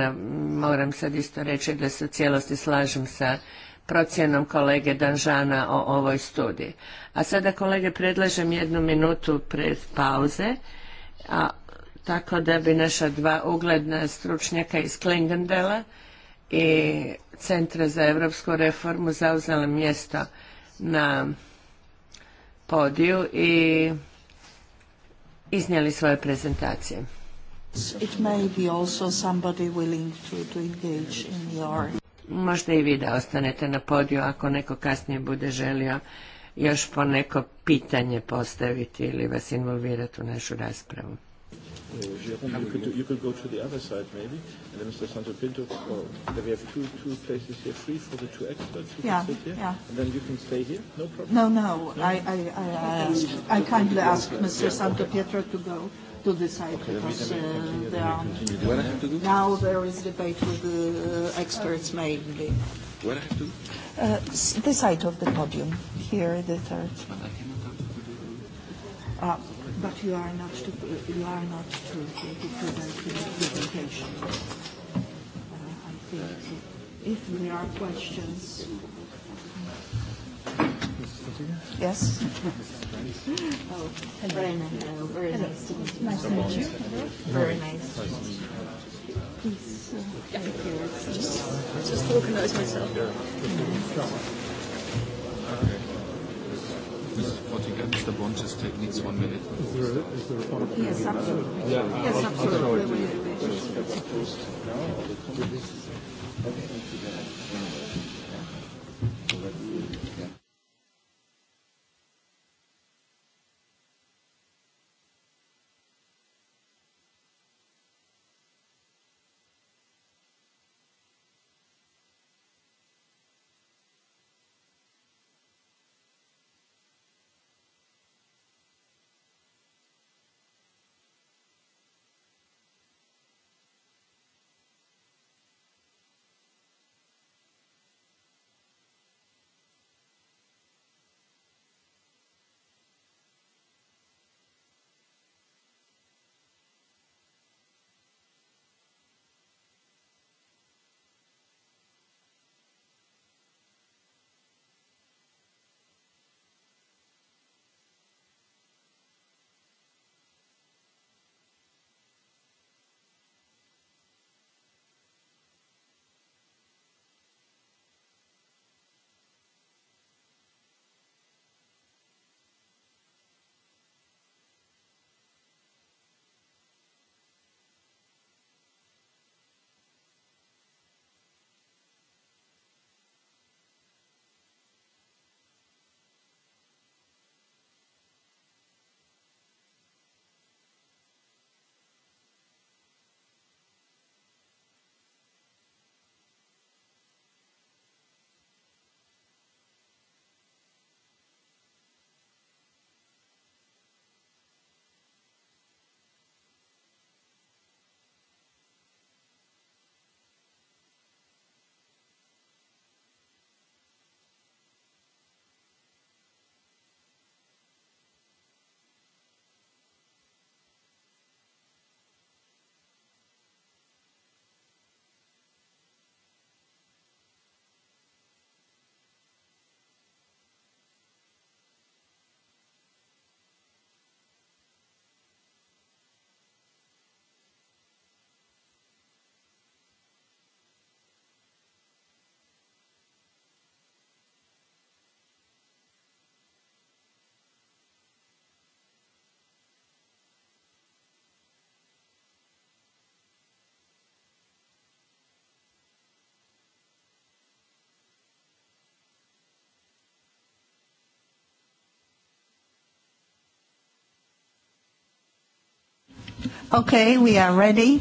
moram sad isto reći da se u cijelosti slažem sa procjenom kolege Danžana o ovoj studiji. A sada kolege predlažem jednu minutu pred pauze, a, tako da bi naša dva ugledna stručnjaka iz Klingendela i Centra za evropsku reformu zauzela mjesto na podiju i iznijeli svoje prezentacije. It Možda i vi da ostanete na podiju ako neko kasnije bude želio još po neko pitanje postaviti ili vas involvirati u našu raspravu. Jérôme, you could, you could go to the other side maybe, and then Mr. Santo Pinto, or, oh, we have two, two places here free for the two experts. You yeah, can sit here, yeah. and then you can stay here, no problem. No, no, no? I, I, I, asked, I kindly ask Mr. Yeah, Santo okay. Pietro to go to the side okay, because uh, there are, Where I have to do? now there is debate with the uh, experts mainly. What I have to do? Uh, the side of the podium, here, the third. Uh, But you are not to, you are not to, to prevent the presentation. Uh, I think if there are questions. Yes. oh, and very nice. Hello. Very nice to meet you. Nice to meet you. Very nice. Please. Uh, thank you. Just talking about myself. Mm -hmm. Mrs. the one minute. Is there, Yes, absolutely. Yeah, Okay, we are ready.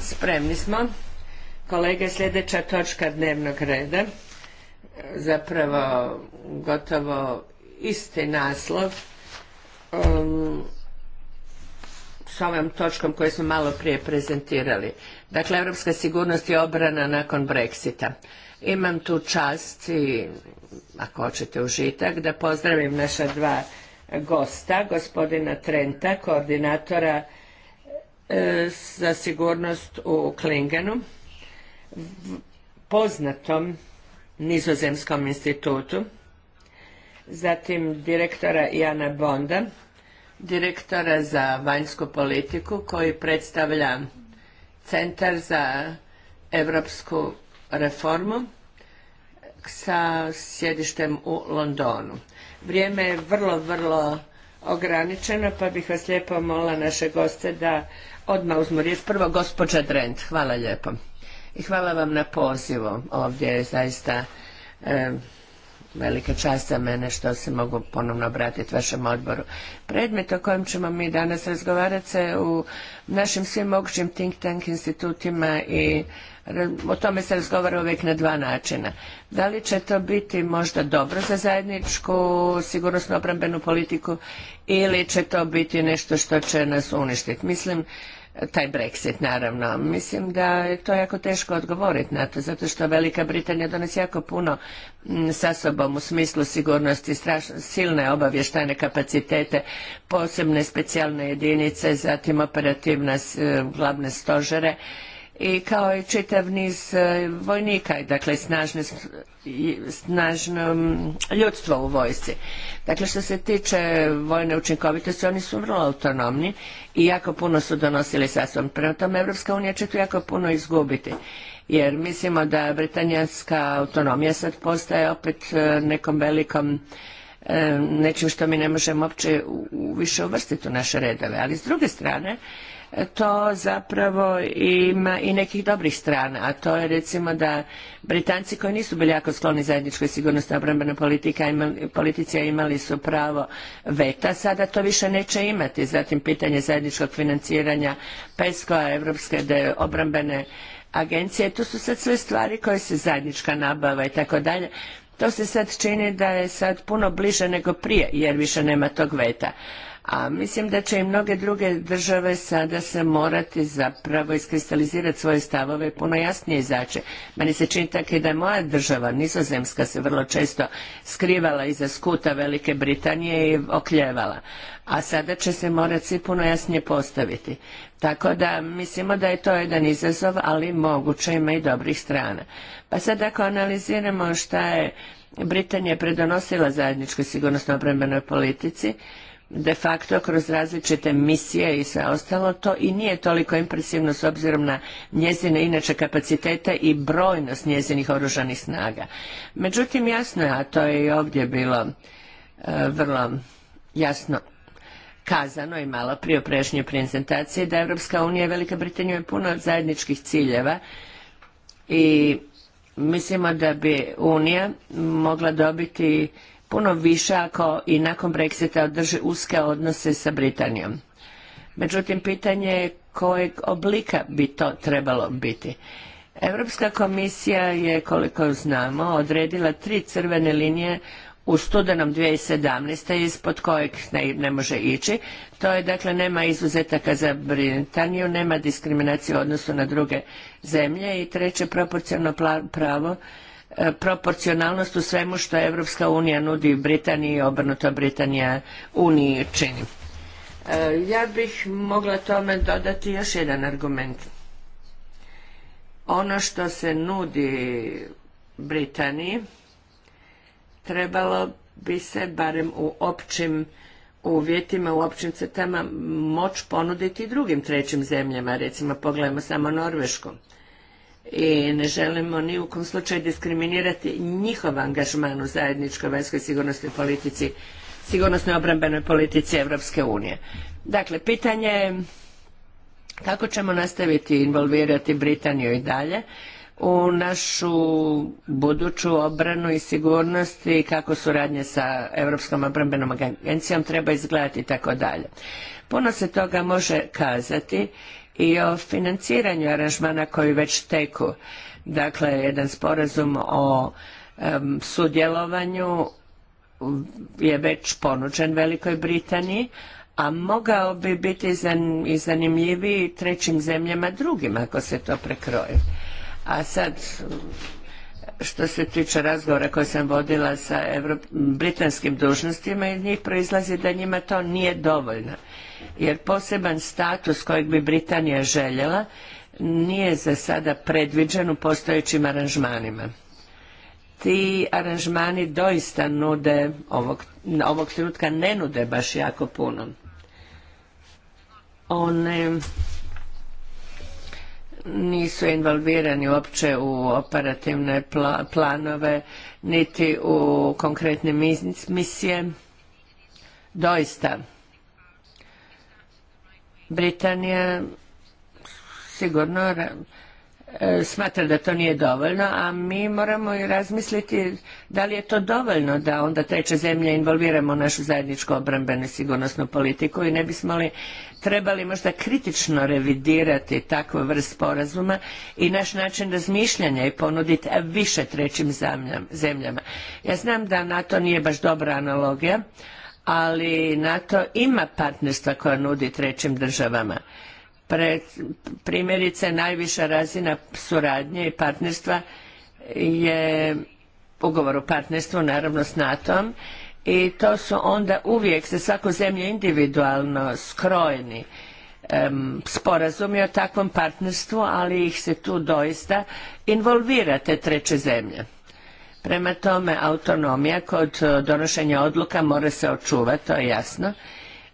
Spremni smo. Kolege, sljedeća točka dnevnog reda. Zapravo, gotovo isti naslov. Um, s ovom točkom koju smo malo prije prezentirali. Dakle, Europska sigurnost i obrana nakon Brexita. Imam tu čast i, ako hoćete, užitak da pozdravim naša dva gosta, gospodina Trenta, koordinatora e, za sigurnost u Klingenu, poznatom nizozemskom institutu, zatim direktora Jana Bonda, direktora za vanjsku politiku koji predstavlja Centar za Europsku reformu sa sjedištem u Londonu vrijeme je vrlo, vrlo ograničeno, pa bih vas lijepo molila naše goste da odmah uzmu riječ. Prvo, gospođa Drent, hvala lijepo. I hvala vam na pozivu. Ovdje je zaista velika čast za mene što se mogu ponovno obratiti vašem odboru. Predmet o kojem ćemo mi danas razgovarati se u našim svim mogućim think tank institutima i o tome se razgovara uvijek na dva načina. Da li će to biti možda dobro za zajedničku sigurnosno obrambenu politiku ili će to biti nešto što će nas uništiti? Mislim, taj Brexit naravno. Mislim da je to jako teško odgovoriti na to, zato što Velika Britanija donosi jako puno sa sobom u smislu sigurnosti, silne obavještajne kapacitete, posebne specijalne jedinice, zatim operativne e, glavne stožere i kao i čitav niz e, vojnika, dakle snažne, snažno ljudstvo u vojsci. Dakle, što se tiče vojne učinkovitosti, oni su vrlo autonomni i jako puno su donosili sasvom. Prema tome, Evropska unija će tu jako puno izgubiti. Jer mislimo da Britanijanska autonomija sad postaje opet e, nekom velikom e, nečim što mi ne možemo uopće više uvrstiti u naše redove. Ali s druge strane, to zapravo ima i nekih dobrih strana, a to je recimo da Britanci koji nisu bili jako skloni zajedničkoj sigurnosti obrambenoj politici, a imali su pravo veta, sada to više neće imati. Zatim pitanje zajedničkog financiranja PESCO-a, Evropske obrambene agencije, to su sad sve stvari koje se zajednička nabava i tako dalje. To se sad čini da je sad puno bliže nego prije, jer više nema tog veta a mislim da će i mnoge druge države sada se morati zapravo iskristalizirati svoje stavove puno jasnije izaći. Meni se čini tak i da je moja država, nizozemska, se vrlo često skrivala iza skuta Velike Britanije i okljevala. A sada će se morati svi puno jasnije postaviti. Tako da mislimo da je to jedan izazov, ali moguće ima i dobrih strana. Pa sad ako analiziramo šta je Britanija predonosila zajedničkoj sigurnosno obrambenoj politici, de facto kroz različite misije i sve ostalo to i nije toliko impresivno s obzirom na njezine inače kapacitete i brojnost njezinih oružanih snaga. Međutim jasno je, a to je i ovdje bilo e, vrlo jasno kazano i malo prije u prezentacije da Europska unija i Velika Britanija je puno zajedničkih ciljeva i mislimo da bi Unija mogla dobiti puno više ako i nakon Brexita održi uske odnose sa Britanijom. Međutim, pitanje je kojeg oblika bi to trebalo biti. Europska komisija je, koliko znamo, odredila tri crvene linije u studenom 2017. ispod kojeg ne, ne može ići. To je dakle nema izuzetaka za Britaniju, nema diskriminacije u odnosu na druge zemlje i treće proporcionalno pravo E, proporcionalnost u svemu što Evropska unija nudi Britaniji i obrnuto Britanija Uniji čini. E, ja bih mogla tome dodati još jedan argument. Ono što se nudi Britaniji trebalo bi se barem u općim uvjetima, u općim crtama moć ponuditi i drugim trećim zemljama, recimo pogledajmo samo Norvešku i ne želimo ni u kom slučaju diskriminirati njihov angažman u zajedničkoj vanjskoj sigurnosnoj politici, sigurnosnoj obrambenoj politici Europske unije. Dakle, pitanje je kako ćemo nastaviti involvirati Britaniju i dalje u našu buduću obranu i sigurnost i kako suradnje sa Europskom obrambenom agencijom treba izgledati i tako dalje. Puno se toga može kazati i o financiranju aranžmana koji već teku. Dakle, jedan sporazum o sudjelovanju je već ponuđen Velikoj Britaniji, a mogao bi biti i zanimljiviji trećim zemljama drugim ako se to prekroje. A sad što se tiče razgovora koje sam vodila sa britanskim dužnostima i njih proizlazi da njima to nije dovoljno. Jer poseban status kojeg bi Britanija željela nije za sada predviđen u postojećim aranžmanima. Ti aranžmani doista nude, ovog, ovog trenutka ne nude baš jako puno. One nisu involvirani uopće u operativne planove niti u konkretne misije. Doista, Britanija sigurno e, smatra da to nije dovoljno, a mi moramo i razmisliti da li je to dovoljno da onda treće zemlje involviramo u našu zajedničku obrambenu sigurnosnu politiku i ne bismo li trebali možda kritično revidirati takvu vrst sporazuma i naš način razmišljanja i ponuditi više trećim zemljama. Ja znam da NATO nije baš dobra analogija, ali NATO ima partnerstva koja nudi trećim državama. Pre, primjerice najviša razina suradnje i partnerstva je ugovor o partnerstvu naravno s NATO-om i to su onda uvijek za svaku zemlje individualno skrojeni sporazumi o takvom partnerstvu, ali ih se tu doista involvira te treće zemlje. Prema tome, autonomija kod e, donošenja odluka mora se očuvati, to je jasno,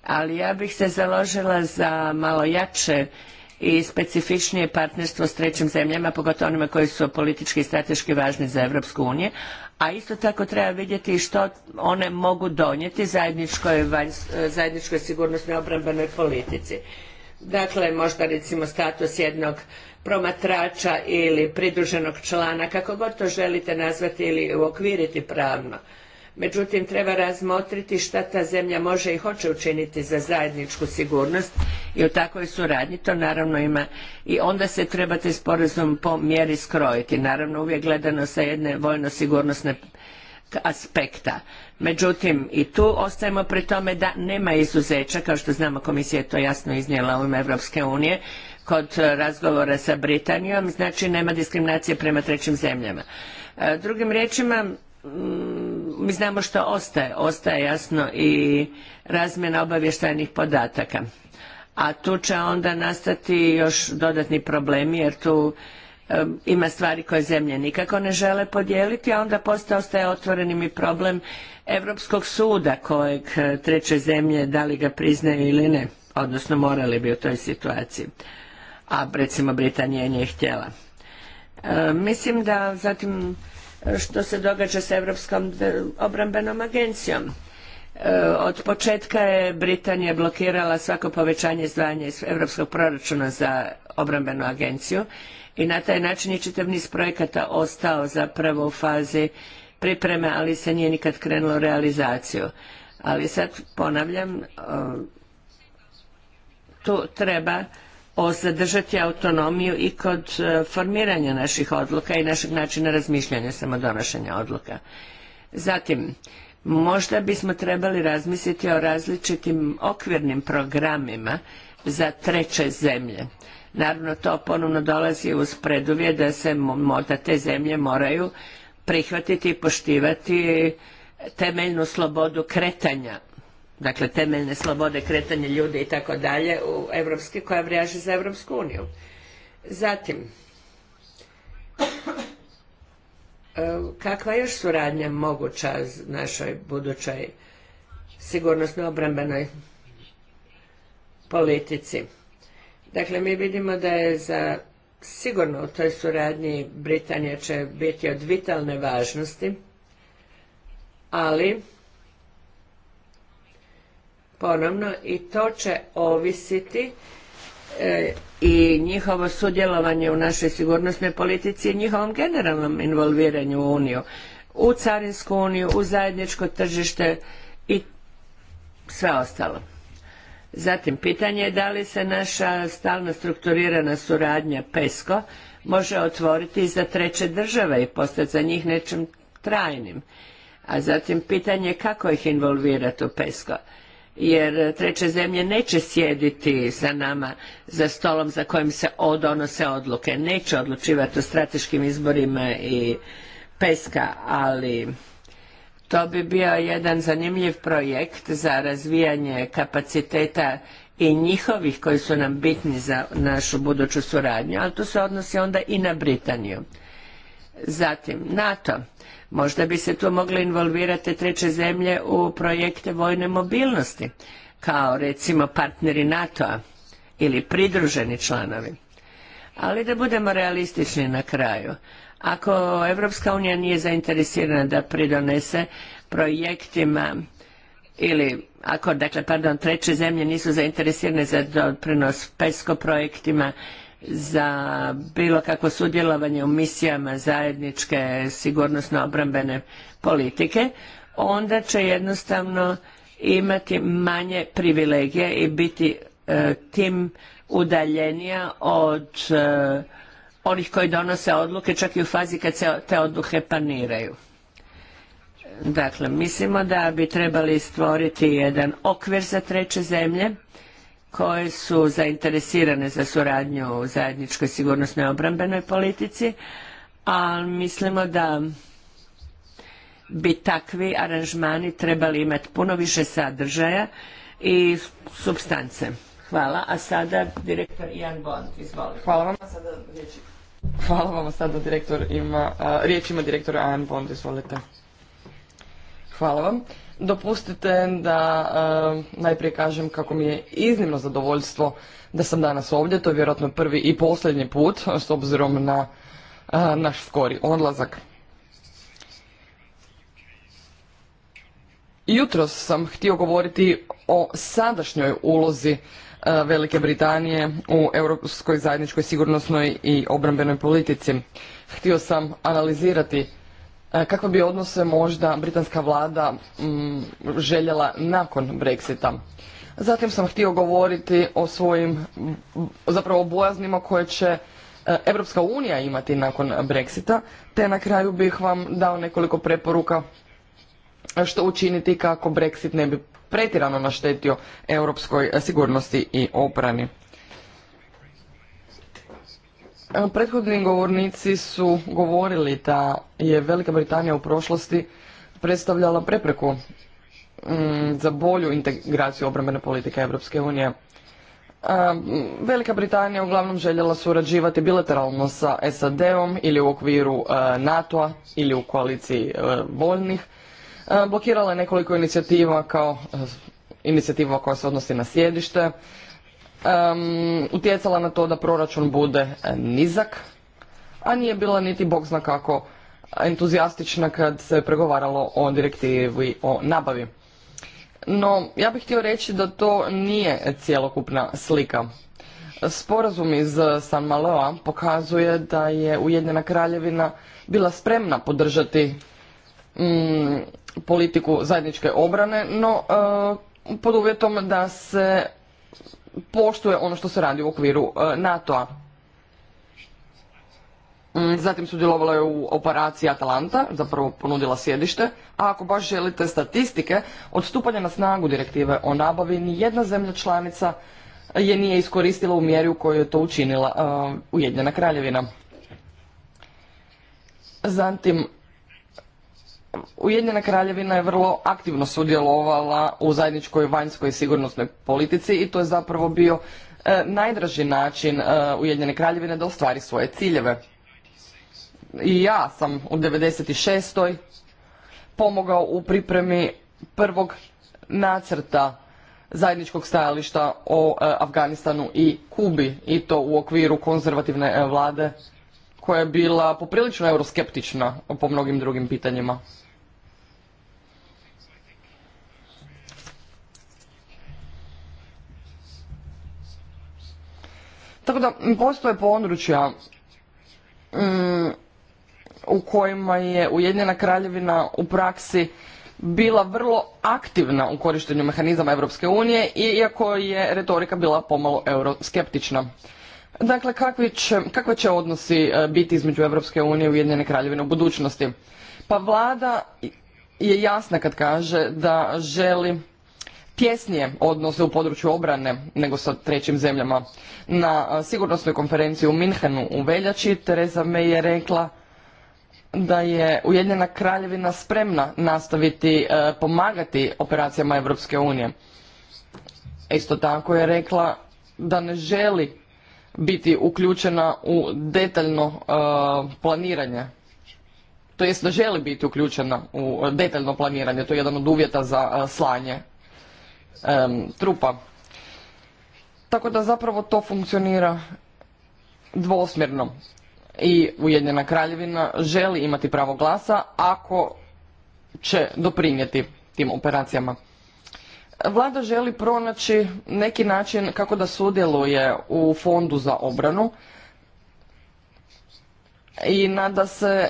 ali ja bih se založila za malo jače i specifičnije partnerstvo s trećim zemljama, pogotovo onima koji su politički i strateški važni za Europsku uniju, a isto tako treba vidjeti što one mogu donijeti zajedničkoj, zajedničkoj sigurnosnoj obrambenoj politici. Dakle, možda recimo status jednog promatrača ili pridruženog člana, kako god to želite nazvati ili uokviriti pravno međutim treba razmotriti šta ta zemlja može i hoće učiniti za zajedničku sigurnost i u takvoj suradnji to naravno ima i onda se trebate sporazum po mjeri skrojiti naravno uvijek gledano sa jedne vojno-sigurnosne aspekta. Međutim, i tu ostajemo pri tome da nema izuzeća, kao što znamo komisija je to jasno iznijela u ime Evropske unije, kod razgovora sa Britanijom, znači nema diskriminacije prema trećim zemljama. E, drugim riječima, mm, mi znamo što ostaje. Ostaje jasno i razmjena obavještajnih podataka. A tu će onda nastati još dodatni problemi jer tu ima stvari koje zemlje nikako ne žele podijeliti, a onda postaje ostaje otvorenim i problem Europskog suda kojeg e, treće zemlje da li ga priznaju ili ne, odnosno morali bi u toj situaciji. A recimo Britanija nije htjela. E, mislim da zatim što se događa s Europskom obrambenom agencijom. E, od početka je Britanija blokirala svako povećanje izdvajanja iz europskog proračuna za obrambenu agenciju i na taj način je čitav niz projekata ostao zapravo u fazi pripreme, ali se nije nikad krenulo realizaciju. Ali sad ponavljam, e, tu treba o zadržati autonomiju i kod e, formiranja naših odluka i našeg načina razmišljanja samo odluka. Zatim, možda bismo trebali razmisliti o različitim okvirnim programima za treće zemlje. Naravno, to ponovno dolazi uz preduvje da se te zemlje moraju prihvatiti i poštivati temeljnu slobodu kretanja dakle temeljne slobode kretanja ljudi i tako dalje u evropski, koja vrijedi za Evropsku uniju. Zatim, e, kakva je još suradnja moguća našoj budućoj sigurnosno obrambenoj politici? Dakle, mi vidimo da je za sigurno u toj suradnji Britanija će biti od vitalne važnosti, ali ponovno i to će ovisiti e, i njihovo sudjelovanje u našoj sigurnosnoj politici i njihovom generalnom involviranju u Uniju, u Carinsku Uniju, u zajedničko tržište i sve ostalo. Zatim, pitanje je da li se naša stalno strukturirana suradnja PESCO može otvoriti za treće države i postati za njih nečim trajnim. A zatim, pitanje je kako ih involvirati u PESCO jer treće zemlje neće sjediti za nama za stolom za kojim se donose odluke. Neće odlučivati o strateškim izborima i peska, ali to bi bio jedan zanimljiv projekt za razvijanje kapaciteta i njihovih koji su nam bitni za našu buduću suradnju, ali to se odnosi onda i na Britaniju. Zatim, NATO. Možda bi se tu mogle involvirati treće zemlje u projekte vojne mobilnosti, kao recimo partneri NATO-a ili pridruženi članovi. Ali da budemo realistični na kraju. Ako Evropska unija nije zainteresirana da pridonese projektima ili ako, dakle, pardon, treće zemlje nisu zainteresirane za doprinos PESCO projektima za bilo kakvo sudjelovanje u misijama zajedničke sigurnosno-obrambene politike, onda će jednostavno imati manje privilegije i biti e, tim udaljenija od e, onih koji donose odluke čak i u fazi kad se te odluke paniraju. Dakle, mislimo da bi trebali stvoriti jedan okvir za treće zemlje koje su zainteresirane za suradnju u zajedničkoj sigurnosnoj obrambenoj politici, ali mislimo da bi takvi aranžmani trebali imati puno više sadržaja i substance. Hvala. A sada direktor Ian Bond, izvolite. Hvala vam. Sada Hvala vam. Sada direktor ima, riječ ima direktor Ian Bond, izvolite. Hvala vam. Dopustite da eh, najprije kažem kako mi je iznimno zadovoljstvo da sam danas ovdje, to je vjerojatno prvi i posljednji put s obzirom na eh, naš skori odlazak. Jutro sam htio govoriti o sadašnjoj ulozi eh, Velike Britanije u europskoj zajedničkoj sigurnosnoj i obrambenoj politici. Htio sam analizirati E, kakve bi odnose možda britanska vlada mm, željela nakon Brexita. Zatim sam htio govoriti o svojim zapravo bojaznima koje će Europska unija imati nakon Brexita, te na kraju bih vam dao nekoliko preporuka e, što učiniti kako Brexit ne bi pretirano naštetio europskoj e, sigurnosti i obrani. Prethodni govornici su govorili da je Velika Britanija u prošlosti predstavljala prepreku mm, za bolju integraciju obrambene politike Europske unije. Mm, Velika Britanija uglavnom željela surađivati bilateralno sa SAD-om ili u okviru e, NATO-a ili u koaliciji e, voljnih. E, blokirala je nekoliko inicijativa kao inicijativa koja se odnosi na sjedište um, utjecala na to da proračun bude e, nizak, a nije bila niti bog zna kako entuzijastična kad se pregovaralo o direktivi o nabavi. No, ja bih htio reći da to nije cjelokupna slika. Sporazum iz San pokazuje da je Ujedinjena kraljevina bila spremna podržati mm, politiku zajedničke obrane, no e, pod uvjetom da se poštuje ono što se radi u okviru e, NATO-a. Mm, zatim sudjelovala je u operaciji Atalanta, zapravo ponudila sjedište, a ako baš želite statistike, od stupanja na snagu direktive o nabavi nijedna jedna zemlja članica je nije iskoristila u mjeri u kojoj je to učinila e, Ujedinjena kraljevina. Zatim, Ujedinjena kraljevina je vrlo aktivno sudjelovala u zajedničkoj vanjskoj i sigurnosnoj politici i to je zapravo bio e, najdraži način e, Ujedinjene kraljevine da ostvari svoje ciljeve. I ja sam u 96. pomogao u pripremi prvog nacrta zajedničkog stajališta o e, Afganistanu i Kubi i to u okviru konzervativne vlade koja je bila poprilično euroskeptična po mnogim drugim pitanjima. Tako da postoje područja mm, u kojima je Ujedinjena kraljevina u praksi bila vrlo aktivna u korištenju mehanizama Europske unije, iako je retorika bila pomalo euroskeptična. Dakle, kakvi će, kakve će odnosi e, biti između Europske unije i Ujedinjene kraljevine u budućnosti? Pa vlada je jasna kad kaže da želi tjesnije odnose u području obrane nego sa trećim zemljama. Na sigurnosnoj konferenciji u Minhenu u veljači Tereza May je rekla da je Ujedinjena kraljevina spremna nastaviti e, pomagati operacijama Europske unije. Isto tako je rekla da ne želi biti uključena u detaljno e, planiranje to jest da želi biti uključena u e, detaljno planiranje, to je jedan od uvjeta za slanje trupa. Tako da zapravo to funkcionira dvosmjerno. I Ujedinjena kraljevina želi imati pravo glasa ako će doprinijeti tim operacijama. Vlada želi pronaći neki način kako da sudjeluje u fondu za obranu, i nada se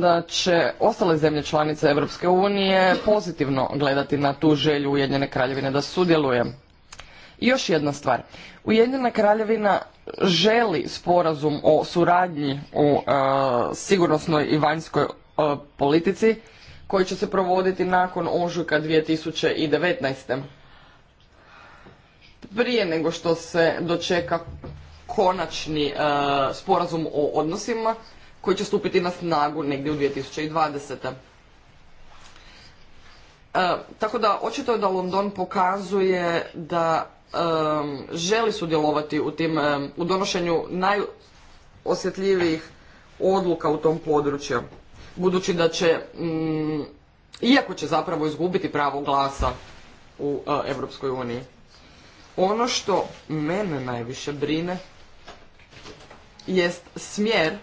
da će ostale zemlje članice Europske unije pozitivno gledati na tu želju Ujedinjene kraljevine da sudjeluje. još jedna stvar. Ujedinjena kraljevina želi sporazum o suradnji u e, sigurnosnoj i vanjskoj e, politici koji će se provoditi nakon ožujka 2019. Prije nego što se dočeka konačni e, sporazum o odnosima koji će stupiti na snagu negdje u 2020. E, tako da očito je da London pokazuje da e, želi sudjelovati u tim e, u donošenju najosjetljivijih odluka u tom području budući da će mm, iako će zapravo izgubiti pravo glasa u Europskoj uniji. Ono što mene najviše brine jest smjer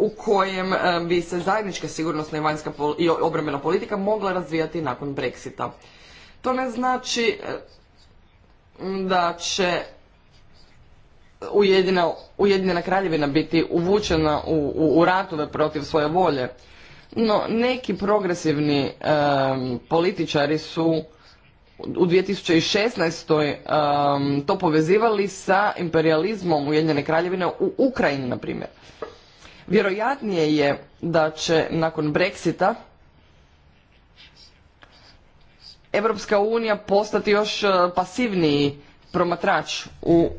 u kojem e, bi se zajednička sigurnosna i vanjska i obrambena politika mogla razvijati nakon Brexita. To ne znači e, da će Ujedinjena kraljevina biti uvučena u, ratove protiv svoje volje. No, neki progresivni e, političari su u 2016. to povezivali sa imperializmom Ujedinjene kraljevine u Ukrajini, na primjer. Vjerojatnije je da će nakon Brexita Europska unija postati još e, pasivniji promatrač u e,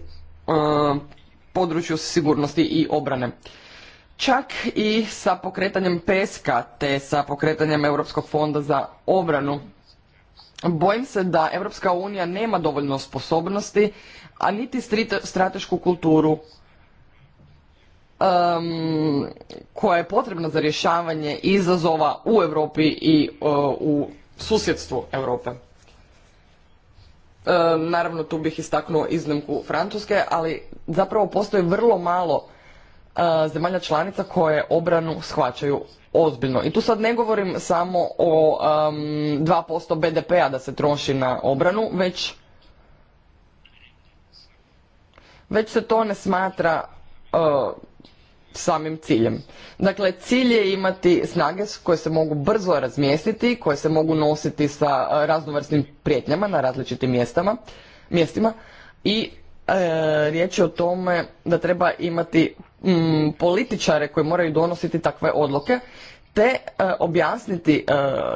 području sigurnosti i obrane. Čak i sa pokretanjem peska te sa pokretanjem Europskog fonda za obranu bojim se da Europska unija nema dovoljno sposobnosti, a niti stratešku kulturu Um, koja je potrebna za rješavanje izazova u Europi i uh, u susjedstvu Europe. Um, naravno tu bih istaknuo iznimku Francuske, ali zapravo postoji vrlo malo uh, zemalja članica koje obranu shvaćaju ozbiljno. I tu sad ne govorim samo o um, dva 2% BDP-a da se troši na obranu, već već se to ne smatra uh, samim ciljem. Dakle, cilj je imati snage koje se mogu brzo razmjestiti, koje se mogu nositi sa e, raznovrsnim prijetnjama na različitim mjestama, mjestima i e, riječ je o tome da treba imati mm, političare koji moraju donositi takve odluke te e, objasniti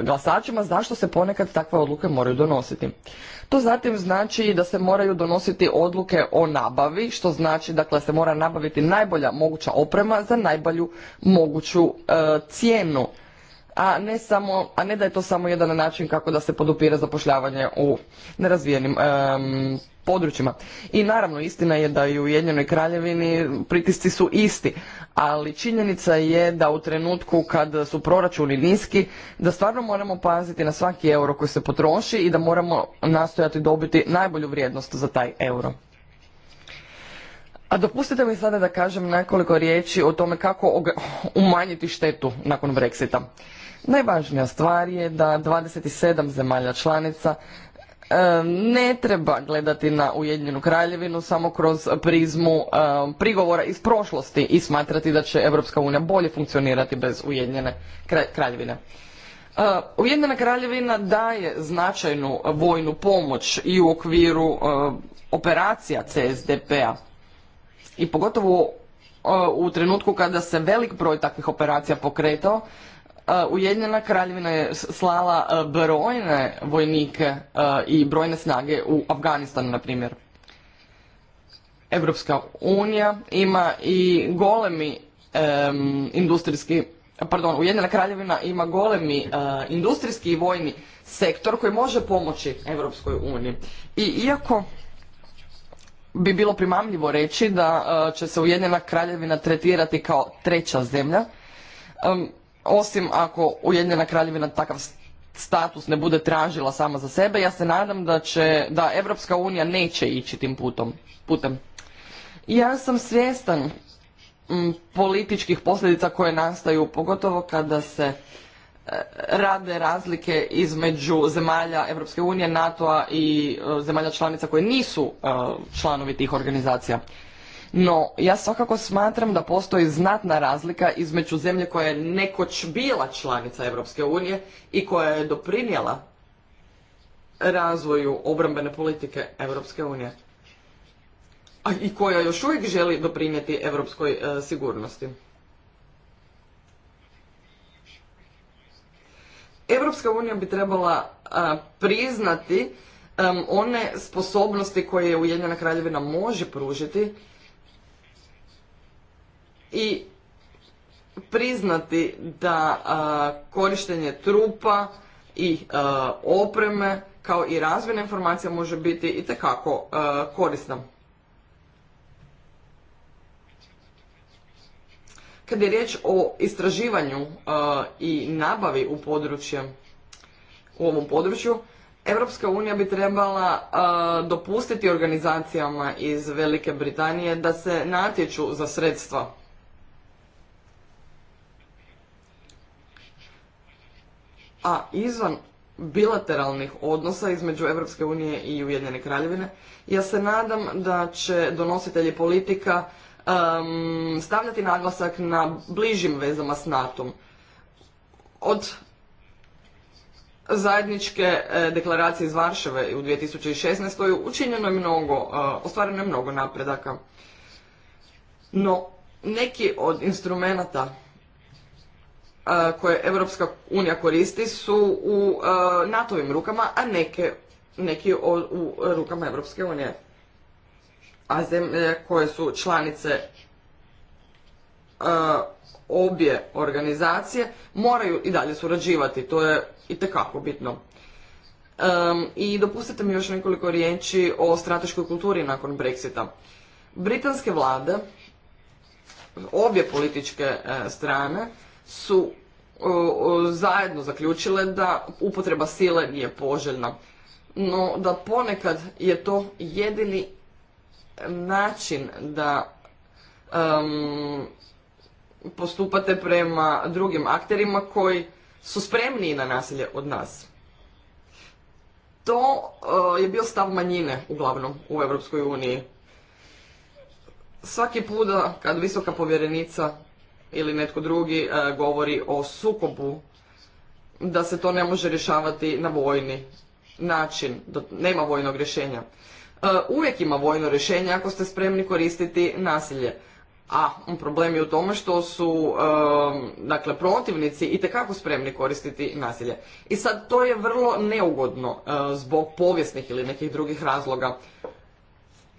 glasačima zašto se ponekad takve odluke moraju donositi. To zatim znači da se moraju donositi odluke o nabavi, što znači dakle se mora nabaviti najbolja moguća oprema za najbolju moguću e, cijenu a ne, da je to samo jedan način kako da se podupira zapošljavanje u nerazvijenim područjima. I naravno, istina je da i u Ujedinjenoj kraljevini pritisci su isti, ali činjenica je da u trenutku kad su proračuni niski, da stvarno moramo paziti na svaki euro koji se potroši i da moramo nastojati dobiti najbolju vrijednost za taj euro. A dopustite mi sada da kažem nekoliko riječi o tome kako umanjiti štetu nakon Brexita. Najvažnija stvar je da 27 zemalja članica e, ne treba gledati na Ujedinjenu kraljevinu samo kroz prizmu e, prigovora iz prošlosti i smatrati da će Europska unija bolje funkcionirati bez Ujedinjene kraljevine. E, Ujedinjena kraljevina daje značajnu vojnu pomoć i u okviru operacija CSDP-a i pogotovo u trenutku kada se velik broj takvih operacija pokretao Uh, Ujedinjena kraljevina je slala uh, brojne vojnike uh, i brojne snage u Afganistanu, na primjer. Evropska unija ima i golemi industrijski, pardon, Ujedinjena kraljevina ima golemi industrijski i vojni sektor koji može pomoći Evropskoj uniji. I iako bi bilo primamljivo reći da će se Ujedinjena kraljevina tretirati kao treća zemlja, osim ako Ujedinjena kraljevina takav status ne bude tražila sama za sebe, ja se nadam da će, da Evropska unija neće ići tim putom, putem. Ja sam svjestan mm, političkih posljedica koje nastaju, pogotovo kada se e, rade razlike između zemalja Evropske unije, NATO-a i e, zemalja članica koje nisu e, članovi tih organizacija. No, ja svakako smatram da postoji znatna razlika između zemlje koja je nekoć bila članica Europske unije i koja je doprinijela razvoju obrambene politike Europske unije i koja još uvijek želi doprinijeti europskoj e, sigurnosti. Europska unija bi trebala e, priznati e, one sposobnosti koje Ujedinjena kraljevina može pružiti i priznati da korištenje trupa i opreme kao i razvojna informacija može biti itekako tekako korisna. Kad je riječ o istraživanju i nabavi u područje, u ovom području, Europska unija bi trebala dopustiti organizacijama iz Velike Britanije da se natječu za sredstva a izvan bilateralnih odnosa između Europske unije i Ujedinjene kraljevine. Ja se nadam da će donositelji politika stavljati naglasak na bližim vezama s NATO-om. Od zajedničke e, deklaracije iz Varšave u 2016. učinjeno je mnogo, e, ostvareno je mnogo napredaka. No, neki od instrumenata koje Europska unija koristi su u nato rukama, a neke, neki u rukama Europske unije. A zemlje koje su članice obje organizacije moraju i dalje surađivati. To je itekako bitno. I dopustite mi još nekoliko riječi o strateškoj kulturi nakon Brexita. Britanske vlade, obje političke e, strane, su zajedno zaključile da upotreba sile nije poželjna, no da ponekad je to jedini način da postupate prema drugim akterima koji su spremniji na nasilje od nas. To je bio stav manjine uglavnom u Europskoj uniji. Svaki puta kad visoka povjerenica ili netko drugi e, govori o sukobu, da se to ne može rješavati na vojni način, da nema vojnog rješenja. E, uvijek ima vojno rješenje ako ste spremni koristiti nasilje. A problem je u tome što su e, dakle protivnici itekako spremni koristiti nasilje. I sad to je vrlo neugodno zbog povijesnih ili nekih drugih razloga.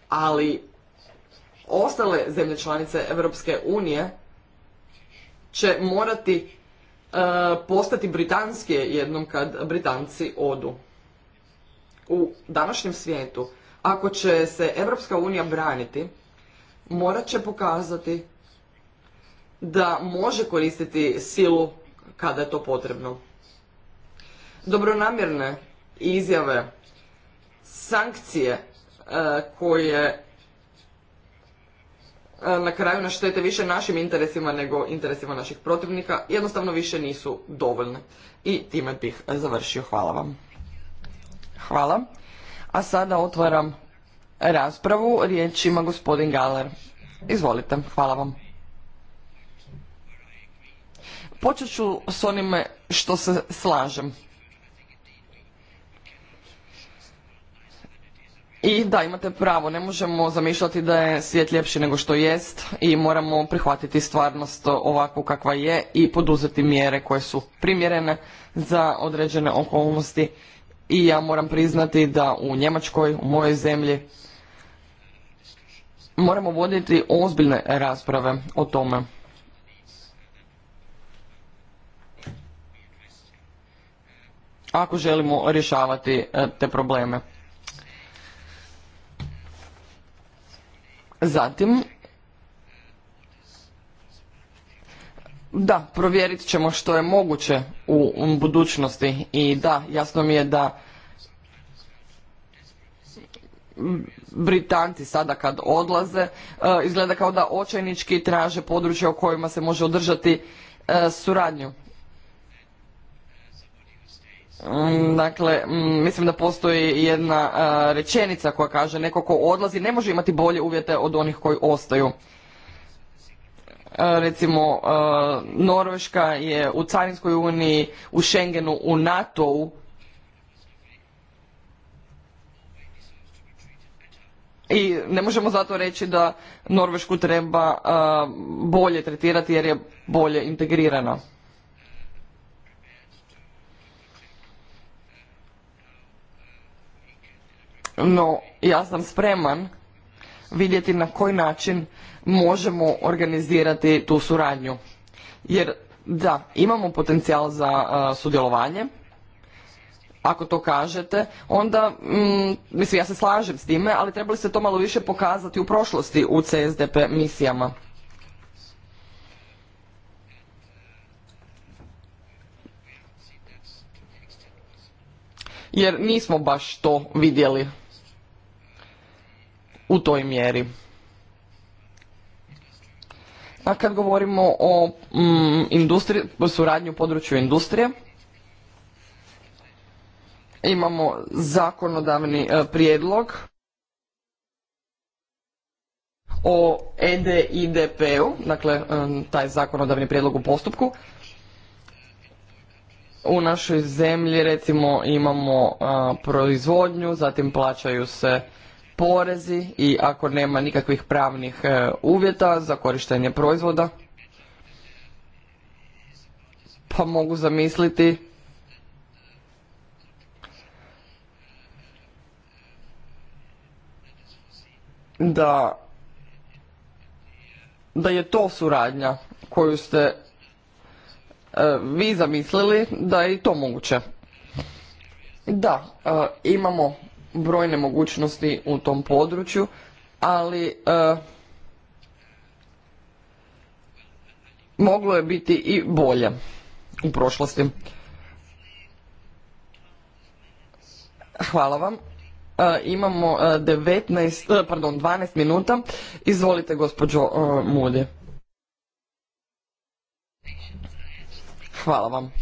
Ali ostale zemlje članice Europske unije će morati e, postati britanske jednom kad Britanci odu. U današnjem svijetu, ako će se Europska unija braniti, morat će pokazati da može koristiti silu kada je to potrebno. Dobronamjerne izjave, sankcije e, koje E, na kraju na štete više našim interesima nego interesima naših protivnika jednostavno više nisu dovoljne. I time bih završio. Hvala vam. Hvala. A sada otvaram raspravu. Riječ ima gospodin Galer. Izvolite. Hvala vam. Počet ću s onime što se slažem. I da, imate pravo, ne možemo zamišljati da je svijet ljepši nego što jest i moramo prihvatiti stvarnost ovakvu kakva je i poduzeti mjere koje su primjerene za određene okolnosti. I ja moram priznati da u Njemačkoj, u mojoj zemlji, moramo voditi ozbiljne rasprave o tome. Ako želimo rješavati eh, te probleme. Zatim, da, provjerit ćemo što je moguće u, budućnosti i da, jasno mi je da Britanci sada kad odlaze, e, izgleda kao da očajnički traže područje o kojima se može održati e, suradnju. Mm, dakle, mm, mislim da postoji jedna rečenica koja kaže neko ko odlazi ne može imati bolje uvjete od onih koji ostaju. E, recimo, e, Norveška je u Carinskoj uniji, u Schengenu, u NATO-u. I ne možemo zato reći da Norvešku treba bolje tretirati jer je bolje integrirana. no ja sam spreman vidjeti na koji način možemo organizirati tu suradnju. Jer da, imamo potencijal za uh, sudjelovanje. Ako to kažete, onda, mm, mislim, ja se slažem s time, ali trebali se to malo više pokazati u prošlosti u CSDP misijama. Jer nismo baš to vidjeli u toj mjeri. A kad govorimo o mm, industri, suradnju u području industrije, imamo zakonodavni e, prijedlog o EDIDP-u, dakle e, taj zakonodavni prijedlog u postupku. U našoj zemlji recimo imamo proizvodnju, zatim plaćaju se porezi i ako nema nikakvih pravnih e, uvjeta za korištenje proizvoda, pa mogu zamisliti da da je to suradnja koju ste e, vi zamislili da je i to moguće. Da, e, imamo brojne mogućnosti u tom području, ali e, moglo je biti i bolje u prošlosti. Hvala vam. E, imamo 19, e, pardon, 12 minuta. Izvolite, gospođo Mude Hvala vam.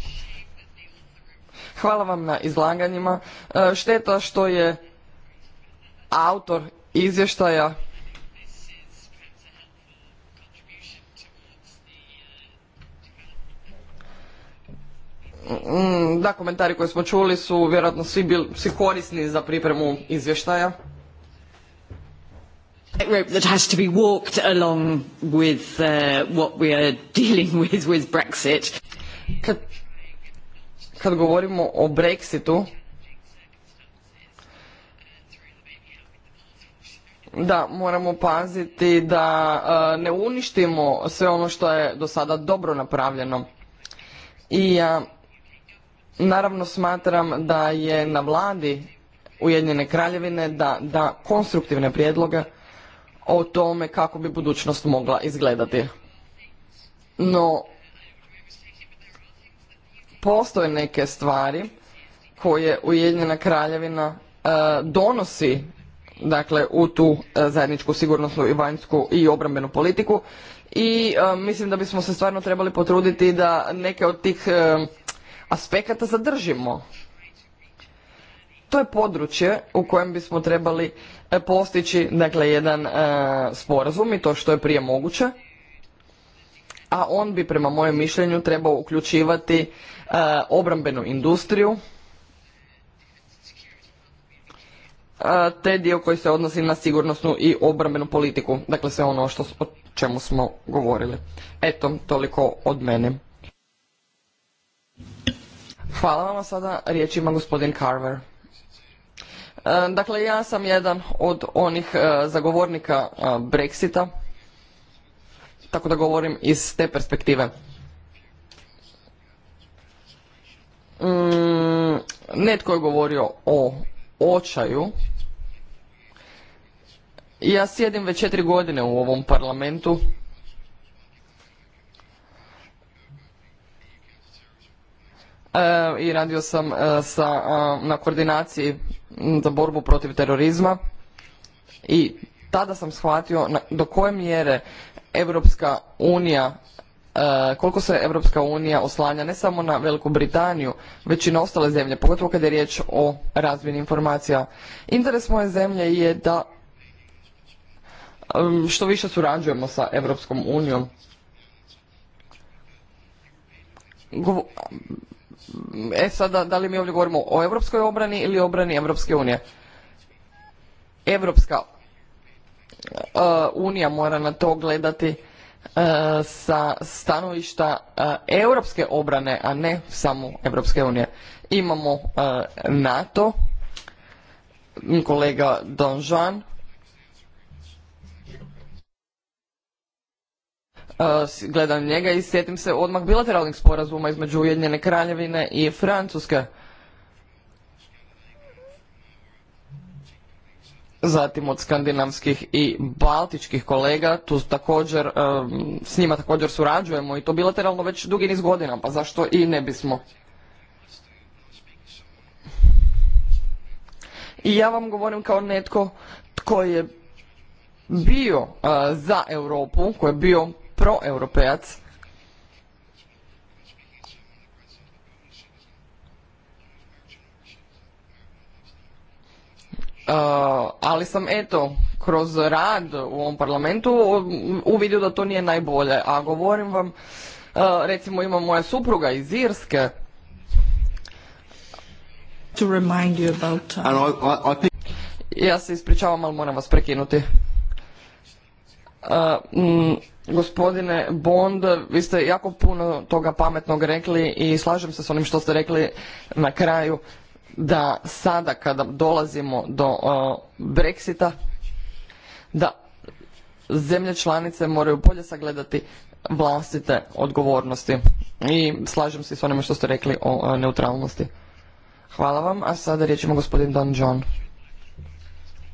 Hvala vam na izlaganjima. E, šteta što je autor izvještaja mm, da komentari koje smo čuli su vjerojatno svi, bil, korisni za pripremu izvještaja kad govorimo o Brexitu, da moramo paziti da e, ne uništimo sve ono što je do sada dobro napravljeno. I ja naravno smatram da je na vladi Ujedinjene kraljevine da da konstruktivne prijedloge o tome kako bi budućnost mogla izgledati. No, postoje neke stvari koje Ujedinjena kraljevina e, donosi dakle u tu e, zajedničku sigurnosnu i vanjsku i obrambenu politiku i e, mislim da bismo se stvarno trebali potruditi da neke od tih aspekata zadržimo. To je područje u kojem bismo trebali postići dakle jedan sporazum i to što je prije moguće, a on bi prema mojem mišljenju trebao uključivati E, obrambenu industriju, te dio koji se odnosi na sigurnosnu i obrambenu politiku. Dakle, sve ono o čemu smo govorili. Eto, toliko od mene. Hvala vam sada. Riječ ima gospodin Carver. E, dakle, ja sam jedan od onih e, zagovornika Brexita, tako da govorim iz te perspektive. Mm, netko je govorio o očaju. Ja sjedim već četiri godine u ovom parlamentu. E, I radio sam e, sa, na koordinaciji za borbu protiv terorizma i tada sam shvatio do koje mjere Europska unija E, koliko se Europska unija oslanja ne samo na Veliku Britaniju, već i na ostale zemlje, pogotovo kada je riječ o razmjeni informacija. Interes moje zemlje je da što više surađujemo sa Europskom unijom. E sada, da li mi ovdje govorimo o europskoj obrani ili obrani Europske unije? Europska e, unija mora na to gledati E, sa stanovišta e, europske obrane, a ne samo Europske unije. Imamo e, NATO, kolega Jean. gledam njega i sjetim se odmah bilateralnih sporazuma između Ujedinjene kraljevine i Francuske. zatim od skandinavskih i baltičkih kolega, tu također, s njima također surađujemo i to bilateralno već dugi niz godina, pa zašto i ne bismo. I ja vam govorim kao netko tko je bio za Europu, koji je bio proeuropejac, Uh, ali sam eto kroz rad u ovom parlamentu um, uvidio da to nije najbolje. A govorim vam, uh, recimo ima moja supruga iz Irske. ja se ispričavam, ali moram vas prekinuti. Uh, gospodine Bond, vi ste jako puno toga pametnog rekli i slažem se s onim što ste rekli na kraju da sada kada dolazimo do breksita uh, Brexita, da zemlje članice moraju bolje sagledati vlastite odgovornosti. I slažem se s onima što ste rekli o uh, neutralnosti. Hvala vam, a sada riječ ima gospodin Don John.